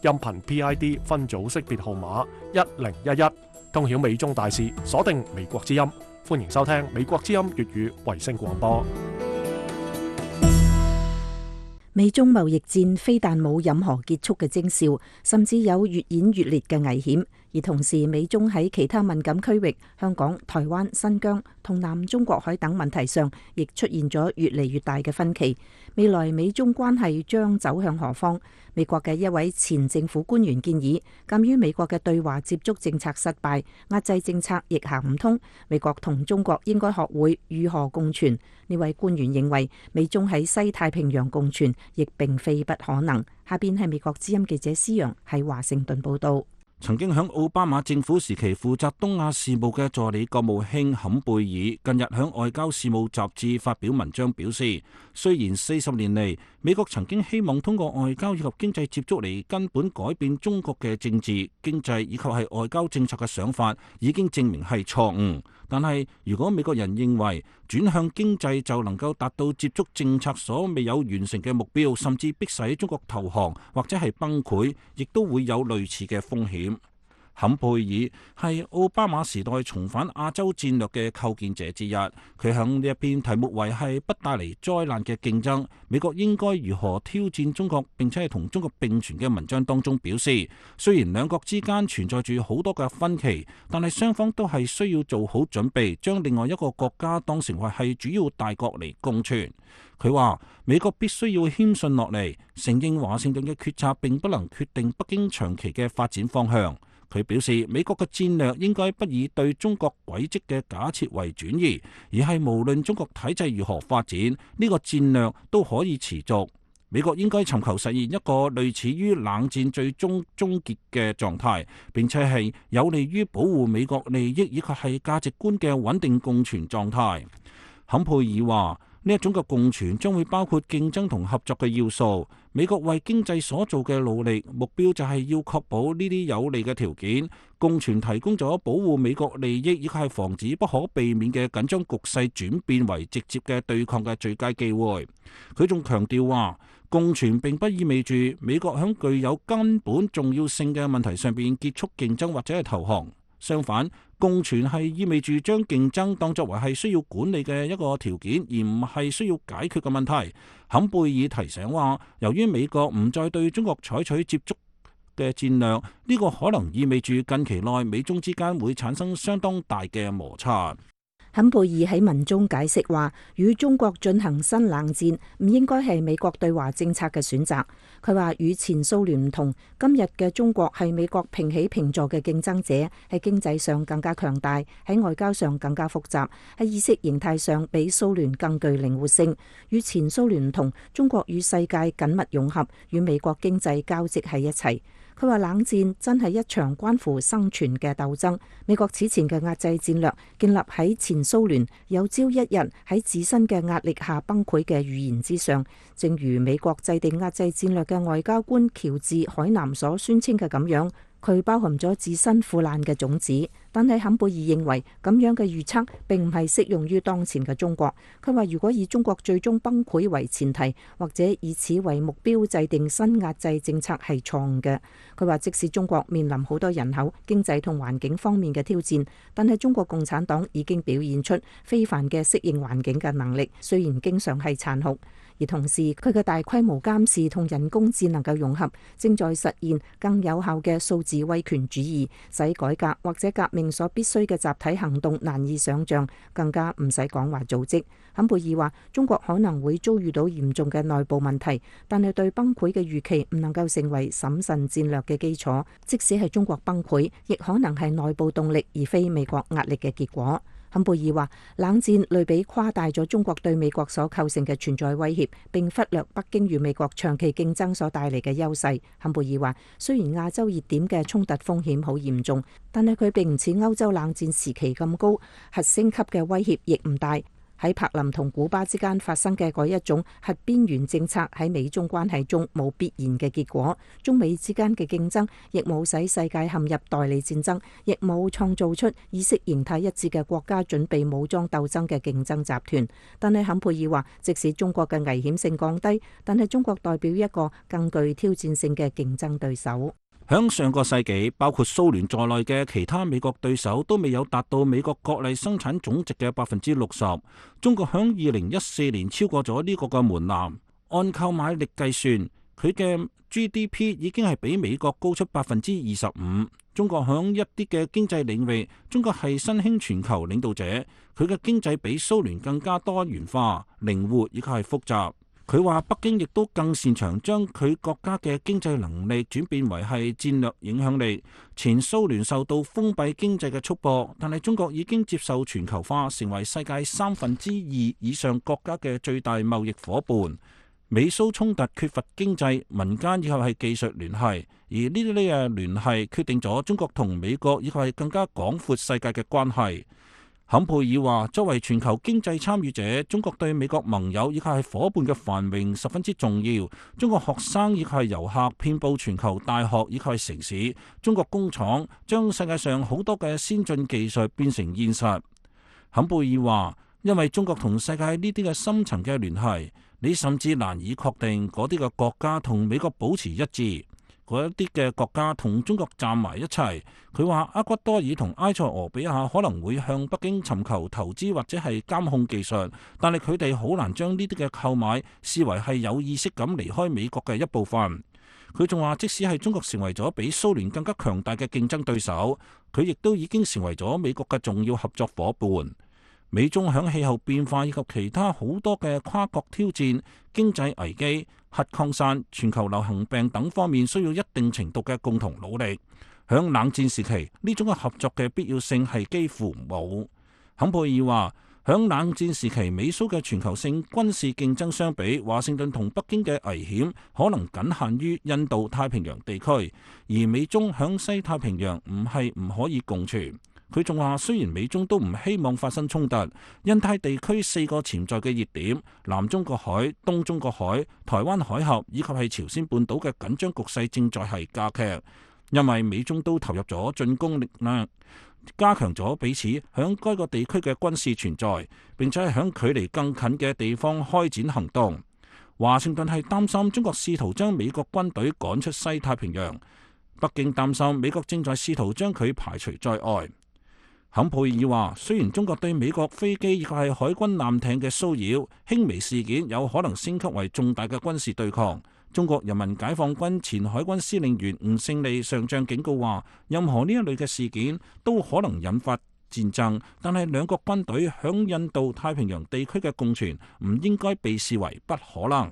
音頻 PID 分組識別號碼一零一一。通曉美中大事，鎖定美國之音，歡迎收聽美國之音粵語衛星廣播。美中貿易戰非但冇任何結束嘅徵兆，甚至有越演越烈嘅危險。而同時，美中喺其他敏感區域，香港、台灣、新疆同南中國海等問題上，亦出現咗越嚟越大嘅分歧。未來美中關係將走向何方？美國嘅一位前政府官員建議，鑑於美國嘅對華接觸政策失敗，壓制政策亦行唔通，美國同中國應該學會如何共存。呢位官員認為，美中喺西太平洋共存亦並非不可能。下邊係美國之音記者思洋喺華盛頓報道。曾經喺奧巴馬政府時期負責東亞事務嘅助理國務卿坎貝爾近日喺《外交事務雜誌》發表文章表示，雖然四十年嚟美國曾經希望通過外交以及經濟接觸嚟根本改變中國嘅政治、經濟以及係外交政策嘅想法，已經證明係錯誤。但係，如果美國人認為轉向經濟就能夠達到接觸政策所未有完成嘅目標，甚至迫使中國投降，或者係崩潰，亦都會有類似嘅風險。坎貝爾係奧巴馬時代重返亞洲戰略嘅構建者之一。佢響呢一篇題目為《係不帶嚟災難嘅競爭》，美國應該如何挑戰中國，並且係同中國並存嘅文章當中表示：雖然兩國之間存在住好多嘅分歧，但係雙方都係需要做好準備，將另外一個國家當成係主要大國嚟共存。佢話美國必須要謙遜落嚟，承認華盛頓嘅決策並不能決定北京長期嘅發展方向。佢表示，美國嘅戰略應該不以對中國軌跡嘅假設為轉移，而係無論中國體制如何發展，呢個戰略都可以持續。美國應該尋求實現一個類似於冷戰最終終結嘅狀態，並且係有利於保護美國利益以及係價值觀嘅穩定共存狀態。坎佩爾話。呢一種嘅共存將會包括競爭同合作嘅要素。美國為經濟所做嘅努力目標就係要確保呢啲有利嘅條件共存，提供咗保護美國利益，以及防止不可避免嘅緊張局勢轉變為直接嘅對抗嘅最佳機會。佢仲強調話，共存並不意味住美國響具有根本重要性嘅問題上邊結束競爭或者係投降。相反。共存係意味住將競爭當作為係需要管理嘅一個條件，而唔係需要解決嘅問題。坎貝爾提醒話，由於美國唔再對中國採取接觸嘅戰略，呢個可能意味住近期內美中之間會產生相當大嘅摩擦。肯貝爾喺文中解釋話，與中國進行新冷戰唔應該係美國對華政策嘅選擇。佢話，與前蘇聯唔同，今日嘅中國係美國平起平坐嘅競爭者，喺經濟上更加強大，喺外交上更加複雜，喺意識形態上比蘇聯更具靈活性。與前蘇聯唔同，中國與世界緊密融合，與美國經濟交織喺一齊。佢話：冷戰真係一場關乎生存嘅鬥爭。美國此前嘅壓制戰略，建立喺前蘇聯有朝一日喺自身嘅壓力下崩潰嘅預言之上。正如美國制定壓制戰略嘅外交官喬治·海南所宣稱嘅咁樣。佢包含咗自身腐爛嘅種子，但係坎貝爾認為咁樣嘅預測並唔係適用於當前嘅中國。佢話：如果以中國最終崩潰為前提，或者以此為目標制定新壓制政策係錯誤嘅。佢話：即使中國面臨好多人口、經濟同環境方面嘅挑戰，但係中國共產黨已經表現出非凡嘅適應環境嘅能力，雖然經常係殘酷。而同時，佢嘅大規模監視同人工智能嘅融合，正在實現更有效嘅數字威權主義，使改革或者革命所必須嘅集體行動難以想像，更加唔使講話組織。坎貝爾話：中國可能會遭遇到嚴重嘅內部問題，但係對崩潰嘅預期唔能夠成為審慎戰略嘅基礎。即使係中國崩潰，亦可能係內部動力而非美國壓力嘅結果。坎貝爾話：冷戰類比誇大咗中國對美國所構成嘅存在威脅，並忽略北京與美國長期競爭所帶嚟嘅優勢。坎貝爾話：雖然亞洲熱點嘅衝突風險好嚴重，但係佢並唔似歐洲冷戰時期咁高，核升級嘅威脅亦唔大。喺柏林同古巴之間發生嘅嗰一種核邊緣政策，喺美中關係中冇必然嘅結果。中美之間嘅競爭亦冇使世界陷入代理戰爭，亦冇創造出意識形態一致嘅國家準備武裝鬥爭嘅競爭集團。但係坎佩爾話，即使中國嘅危險性降低，但係中國代表一個更具挑戰性嘅競爭對手。喺上個世紀，包括蘇聯在內嘅其他美國對手都未有達到美國國內生產總值嘅百分之六十。中國喺二零一四年超過咗呢個嘅門檻，按購買力計算，佢嘅 GDP 已經係比美國高出百分之二十五。中國喺一啲嘅經濟領域，中國係新興全球領導者，佢嘅經濟比蘇聯更加多元化、靈活，以及係複雜。佢話：北京亦都更擅長將佢國家嘅經濟能力轉變為係戰略影響力。前蘇聯受到封閉經濟嘅束縛，但係中國已經接受全球化，成為世界三分之二以上國家嘅最大貿易伙伴。美蘇衝突缺乏經濟、民間以後係技術聯繫，而呢啲呢誒聯繫決定咗中國同美國以後係更加廣闊世界嘅關係。坎佩爾話：作為全球經濟參與者，中國對美國盟友以及係伙伴嘅繁榮十分之重要。中國學生以及係遊客遍佈全球大學以及係城市。中國工廠將世界上好多嘅先進技術變成現實。坎佩爾話：因為中國同世界呢啲嘅深層嘅聯繫，你甚至難以確定嗰啲嘅國家同美國保持一致。嗰一啲嘅國家同中國站埋一齊，佢話厄瓜多爾同埃塞俄比亞可能會向北京尋求投資或者係監控技術，但係佢哋好難將呢啲嘅購買視為係有意識咁離開美國嘅一部分。佢仲話，即使係中國成為咗比蘇聯更加強大嘅競爭對手，佢亦都已經成為咗美國嘅重要合作伙伴。美中響氣候變化以及其他好多嘅跨國挑戰、經濟危機、核擴散、全球流行病等方面需要一定程度嘅共同努力。響冷戰時期，呢種嘅合作嘅必要性係幾乎冇。肯普爾話，響冷戰時期，美蘇嘅全球性軍事競爭相比，華盛頓同北京嘅危險可能僅限於印度太平洋地區，而美中響西太平洋唔係唔可以共存。佢仲話：雖然美中都唔希望發生衝突，印太地區四個潛在嘅熱點，南中國海、東中國海、台灣海峽以及係朝鮮半島嘅緊張局勢正在係加劇，因為美中都投入咗進攻力量，加強咗彼此響該個地區嘅軍事存在，並且係響距離更近嘅地方開展行動。華盛頓係擔心中國試圖將美國軍隊趕出西太平洋，北京擔心美國正在試圖將佢排除在外。坎佩爾話：雖然中國對美國飛機亦係海軍艦艇嘅騷擾輕微事件，有可能升級為重大嘅軍事對抗。中國人民解放軍前海軍司令員吳勝利上將警告話：任何呢一類嘅事件都可能引發戰爭，但係兩國軍隊響印度太平洋地區嘅共存唔應該被視為不可能。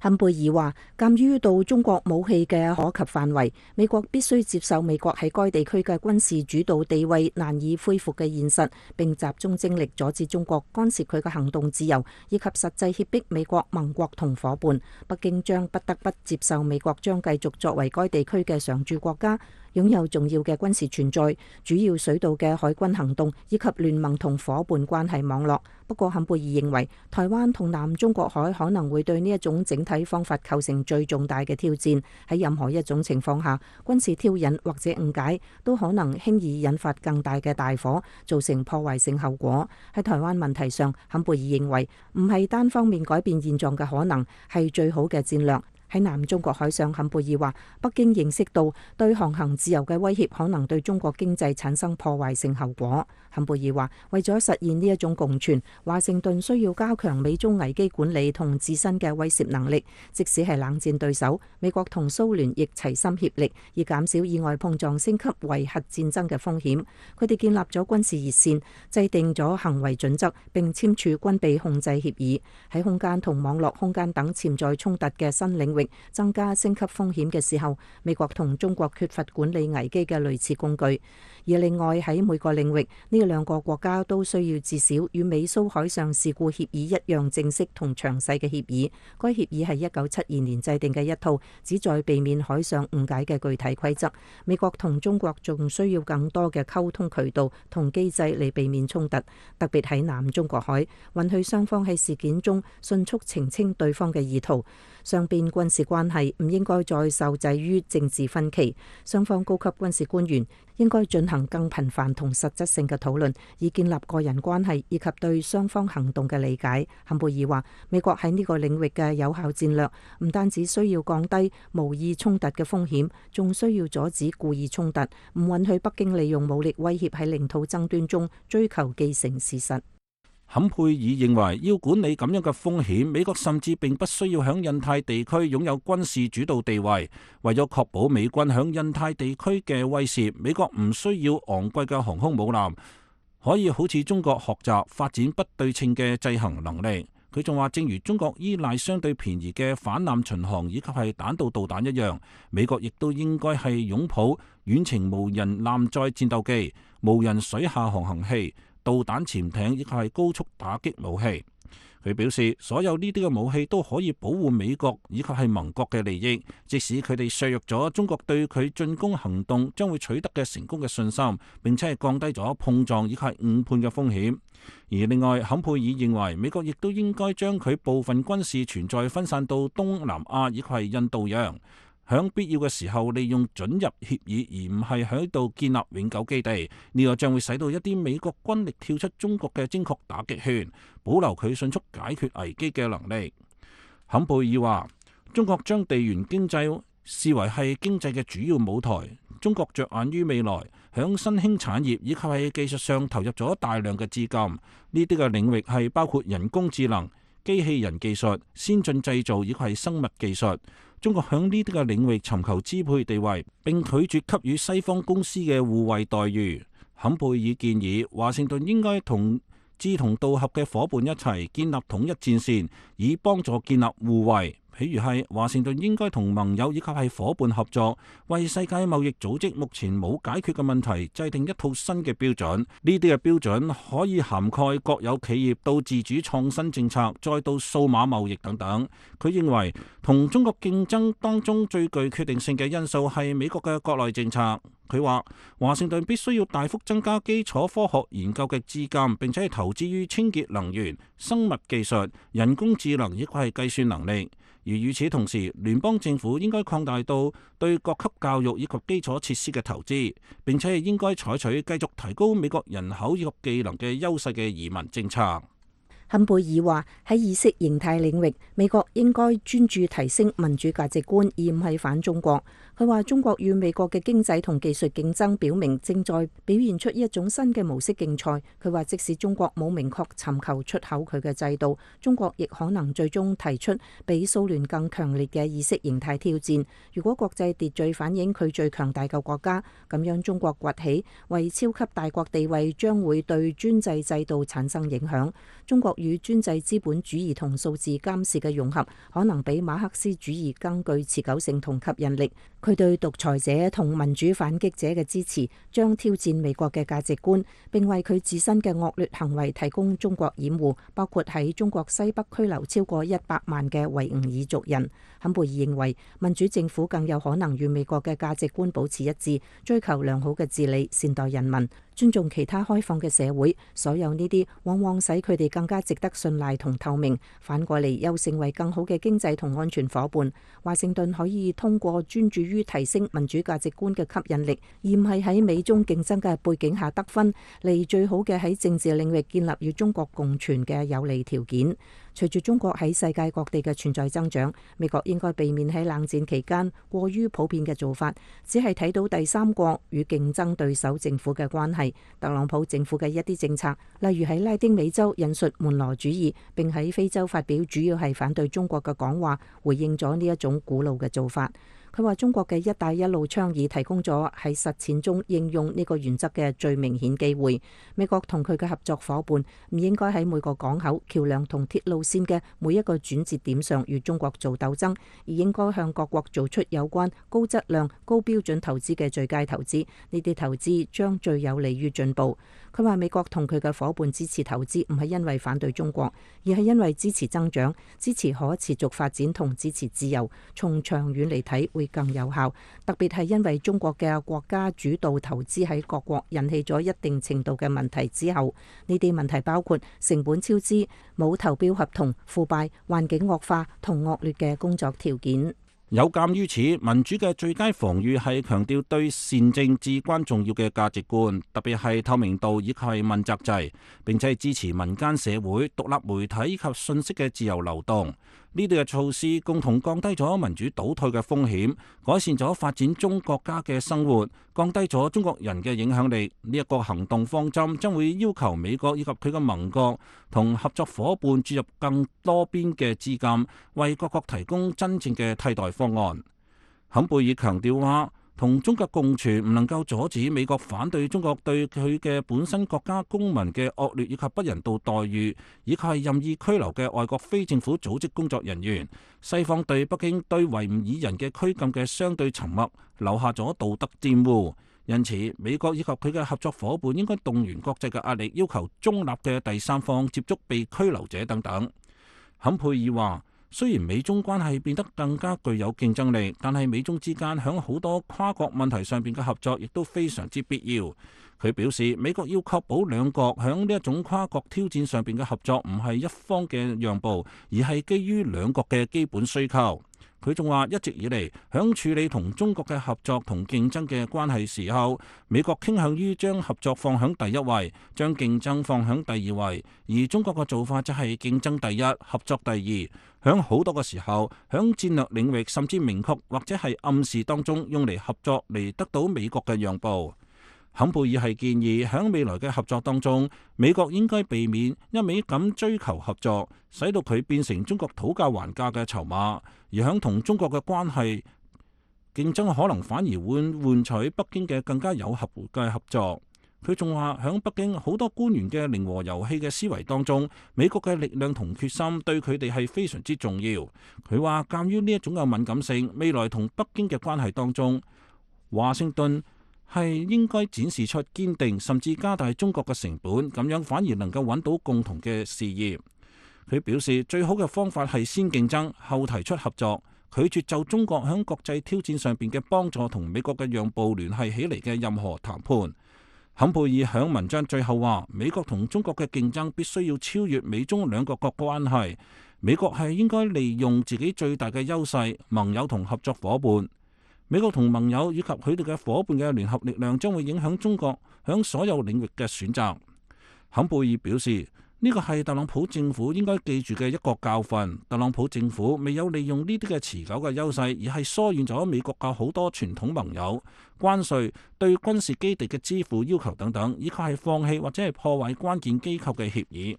坎貝爾話，鑑於到中國武器嘅可及範圍，美國必須接受美國喺該地區嘅軍事主導地位難以恢復嘅現實，並集中精力阻止中國干涉佢嘅行動自由，以及實際脅迫美國盟國同伙伴。北京將不得不接受美國將繼續作為該地區嘅常駐國家。擁有重要嘅軍事存在、主要水道嘅海軍行動，以及聯盟同伙伴關係網絡。不過，坎貝爾認為，台灣同南中國海可能會對呢一種整體方法構成最重大嘅挑戰。喺任何一種情況下，軍事挑釁或者誤解都可能輕易引發更大嘅大火，造成破壞性後果。喺台灣問題上，坎貝爾認為，唔係單方面改變現狀嘅可能，係最好嘅戰略。喺南中國海上，坎貝爾話：北京認識到對航行自由嘅威脅，可能對中國經濟產生破壞性後果。坎貝爾話：為咗實現呢一種共存，華盛頓需要加強美中危機管理同自身嘅威懾能力。即使係冷戰對手，美國同蘇聯亦齊心協力，以減少意外碰撞升級為核戰爭嘅風險。佢哋建立咗軍事熱線，制定咗行為準則，並簽署軍備控制協議。喺空間同網絡空間等潛在衝突嘅新領域，增加升級風險嘅時候，美國同中國缺乏管理危機嘅類似工具。而另外喺每個領域呢？這兩個國家都需要至少與美蘇海上事故協議一樣正式同詳細嘅協議。該協議係一九七二年制定嘅一套旨在避免海上誤解嘅具體規則。美國同中國仲需要更多嘅溝通渠道同機制嚟避免衝突，特別喺南中國海，允許雙方喺事件中迅速澄清對方嘅意圖。雙邊軍事關係唔應該再受制於政治分歧。雙方高級軍事官員。應該進行更頻繁同實質性嘅討論，以建立個人關係以及對雙方行動嘅理解。坎貝爾話，美國喺呢個領域嘅有效戰略，唔單止需要降低無意衝突嘅風險，仲需要阻止故意衝突，唔允許北京利用武力威脅喺領土爭端中追求既成事實。坎佩爾認為，要管理咁樣嘅風險，美國甚至並不需要喺印太地區擁有軍事主導地位。為咗確保美軍喺印太地區嘅威懾，美國唔需要昂貴嘅航空母艦，可以好似中國學習發展不對稱嘅制衡能力。佢仲話，正如中國依賴相對便宜嘅反艦巡航以及係彈道導彈一樣，美國亦都應該係擁抱遠程無人艦載戰鬥機、無人水下航行器。導彈潛艇亦係高速打擊武器，佢表示，所有呢啲嘅武器都可以保護美國以及係盟國嘅利益，即使佢哋削弱咗中國對佢進攻行動將會取得嘅成功嘅信心，並且係降低咗碰撞以及誤判嘅風險。而另外，坎佩爾認為美國亦都應該將佢部分軍事存在分散到東南亞以及係印度洋，喺必要嘅時候利用准入協議，而唔係喺度建立永久基地。呢個將會使到一啲美國軍力跳出中國嘅精確打擊圈，保留佢迅速解決危機嘅能力。坎貝爾話：中國將地緣經濟視為係經濟嘅主要舞台。中國着眼於未來，喺新興產業以及喺技術上投入咗大量嘅資金。呢啲嘅領域係包括人工智能。機器人技術、先進製造，亦都係生物技術。中國響呢啲嘅領域尋求支配地位，並拒絕給予西方公司嘅護衛待遇。坎貝爾建議華盛頓應該同志同道合嘅伙伴一齊建立統一戰線，以幫助建立護衛。比如係華盛頓應該同盟友以及係夥伴合作，為世界貿易組織目前冇解決嘅問題制定一套新嘅標準，呢啲嘅標準可以涵蓋國有企業到自主創新政策，再到數碼貿易等等。佢認為同中國競爭當中最具決定性嘅因素係美國嘅國內政策。佢話華盛頓必須要大幅增加基礎科學研究嘅資金，並且係投資於清潔能源、生物技術人工智能，亦或係計算能力。而與此同時，聯邦政府應該擴大到對各級教育以及基礎設施嘅投資，並且係應該採取繼續提高美國人口技能嘅優勢嘅移民政策。坎貝爾話，喺意識形態領域，美國應該專注提升民主價值觀，而唔係反中國。佢話：中國與美國嘅經濟同技術競爭，表明正在表現出一種新嘅模式競賽。佢話，即使中國冇明確尋求出口佢嘅制度，中國亦可能最終提出比蘇聯更強烈嘅意識形態挑戰。如果國際秩序反映佢最強大嘅國家，咁樣中國崛起為超級大國地位，將會對專制制度產生影響。中國與專制資本主義同數字監視嘅融合，可能比馬克思主義更具持久性同吸引力。佢對獨裁者同民主反擊者嘅支持，將挑戰美國嘅價值觀，並為佢自身嘅惡劣行為提供中國掩護，包括喺中國西北拘留超過一百萬嘅維吾爾族人。肯貝爾認為，民主政府更有可能與美國嘅價值觀保持一致，追求良好嘅治理，善待人民。尊重其他開放嘅社會，所有呢啲往往使佢哋更加值得信賴同透明。反過嚟又成為更好嘅經濟同安全伙伴。華盛頓可以通過專注於提升民主價值觀嘅吸引力，而唔係喺美中競爭嘅背景下得分，嚟最好嘅喺政治領域建立與中國共存嘅有利條件。隨住中國喺世界各地嘅存在增長，美國應該避免喺冷戰期間過於普遍嘅做法，只係睇到第三國與競爭對手政府嘅關係。特朗普政府嘅一啲政策，例如喺拉丁美洲引述門羅主義，並喺非洲發表主要係反對中國嘅講話，回應咗呢一種古老嘅做法。佢話：中國嘅「一帶一路」倡議提供咗喺實踐中應用呢個原則嘅最明顯機會。美國同佢嘅合作伙伴唔應該喺每個港口、橋梁同鐵路線嘅每一個轉折點上與中國做鬥爭，而應該向各國做出有關高質量、高標準投資嘅最佳投資。呢啲投資將最有利於進步。佢話：美國同佢嘅伙伴支持投資，唔係因為反對中國，而係因為支持增長、支持可持續發展同支持自由。從長遠嚟睇，會更有效，特別係因為中國嘅國家主導投資喺各國，引起咗一定程度嘅問題之後，呢啲問題包括成本超支、冇投標合同、腐敗、環境惡化同惡劣嘅工作條件。有鑒於此，民主嘅最佳防禦係強調對善政至關重要嘅價值觀，特別係透明度以及係問責制，並且係支持民間社會、獨立媒體及信息嘅自由流動。呢啲嘅措施共同降低咗民主倒退嘅風險，改善咗發展中國家嘅生活，降低咗中國人嘅影響力。呢、這、一個行動方針將會要求美國以及佢嘅盟國同合作伙伴注入更多邊嘅資金，為各國提供真正嘅替代方案。坎貝爾強調話。同中國共存唔能夠阻止美國反對中國對佢嘅本身國家公民嘅惡劣以及不人道待遇，以及係任意拘留嘅外國非政府組織工作人員。西方對北京對維吾爾人嘅拘禁嘅相對沉默，留下咗道德玷污。因此，美國以及佢嘅合作伙伴應該動員國際嘅壓力，要求中立嘅第三方接觸被拘留者等等。坎佩爾話。雖然美中關係變得更加具有競爭力，但係美中之間響好多跨國問題上邊嘅合作，亦都非常之必要。佢表示，美國要確保兩國響呢一種跨國挑戰上邊嘅合作，唔係一方嘅讓步，而係基於兩國嘅基本需求。佢仲話，一直以嚟響處理同中國嘅合作同競爭嘅關係時候，美國傾向於將合作放響第一位，將競爭放響第二位；而中國嘅做法就係競爭第一，合作第二。響好多嘅時候，響戰略領域甚至明確或者係暗示當中，用嚟合作嚟得到美國嘅讓步。坎貝爾係建議喺未來嘅合作當中，美國應該避免一味咁追求合作，使到佢變成中國討價還價嘅籌碼，而喺同中國嘅關係競爭，可能反而會換取北京嘅更加有合嘅合作。佢仲話喺北京好多官員嘅零和遊戲嘅思維當中，美國嘅力量同決心對佢哋係非常之重要。佢話鑒於呢一種嘅敏感性，未來同北京嘅關係當中，華盛頓係應該展示出堅定，甚至加大中國嘅成本，咁樣反而能夠揾到共同嘅事業。佢表示最好嘅方法係先競爭，後提出合作，拒絕就中國喺國際挑戰上邊嘅幫助同美國嘅讓步聯繫起嚟嘅任何談判。坎貝爾響文章最後話：美國同中國嘅競爭必須要超越美中兩個國關係。美國係應該利用自己最大嘅優勢，盟友同合作伙伴。美國同盟友以及佢哋嘅夥伴嘅聯合力量將會影響中國喺所有領域嘅選擇。肯貝爾表示，呢個係特朗普政府應該記住嘅一個教訓。特朗普政府未有利用呢啲嘅持久嘅優勢，而係疏遠咗美國嘅好多傳統盟友、關稅、對軍事基地嘅支付要求等等，以及係放棄或者係破壞關鍵機構嘅協議。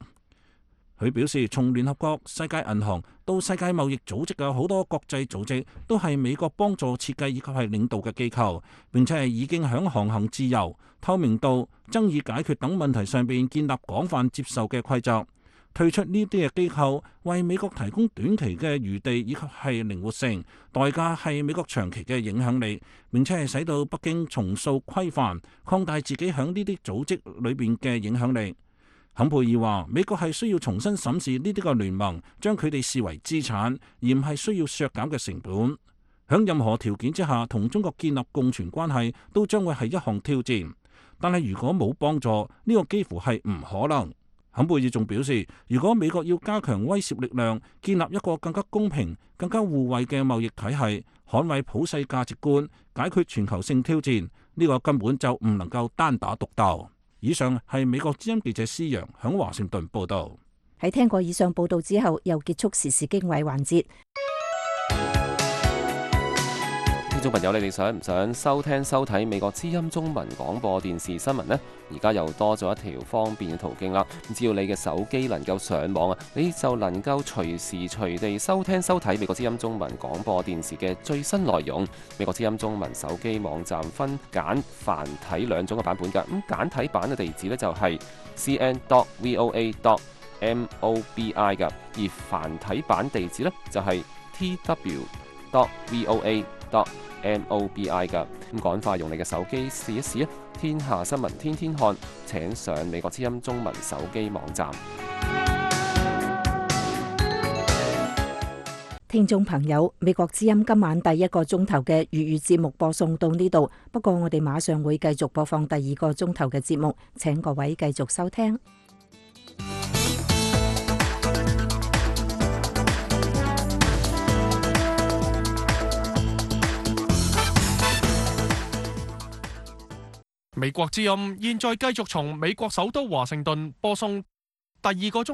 佢表示，從聯合國、世界銀行到世界貿易組織嘅好多國際組織，都係美國幫助設計以及係領導嘅機構，並且係已經喺航行自由、透明度、爭議解決等問題上邊建立廣泛接受嘅規則。退出呢啲嘅機構，為美國提供短期嘅餘地以及係靈活性，代價係美國長期嘅影響力，並且係使到北京重塑規範，擴大自己喺呢啲組織裏邊嘅影響力。坎貝爾話：美國係需要重新審視呢啲個聯盟，將佢哋視為資產，而唔係需要削減嘅成本。響任何條件之下，同中國建立共存關係都將會係一項挑戰。但係如果冇幫助，呢個幾乎係唔可能。坎貝爾仲表示，如果美國要加強威懾力量，建立一個更加公平、更加互惠嘅貿易體系，捍衛普世價值觀，解決全球性挑戰，呢個根本就唔能夠單打獨鬥。以上係美國之音記者施揚喺華盛頓報道。喺聽過以上報道之後，又結束時事經緯環節。 聽眾朋友，你哋想唔想收聽收睇美國之音中文廣播電視新聞呢？而家又多咗一條方便嘅途徑啦。只要你嘅手機能夠上網啊，你就能夠隨時隨地收聽收睇美國之音中文廣播電視嘅最新內容。美國之音中文手機網站分簡繁體兩種嘅版本噶。咁簡體版嘅地址呢，就係 cn dot voa dot mobi 噶，而繁體版地址呢，就係 tw dot voa。多 O B I 噶咁，趕快用你嘅手機試一試啊！天下新聞天天看，請上美國之音中文手機網站。聽眾朋友，美國之音今晚第一個鐘頭嘅粵語節目播送到呢度，不過我哋馬上會繼續播放第二個鐘頭嘅節目，請各位繼續收聽。美國之音現在繼續從美國首都華盛頓播送第二個鐘。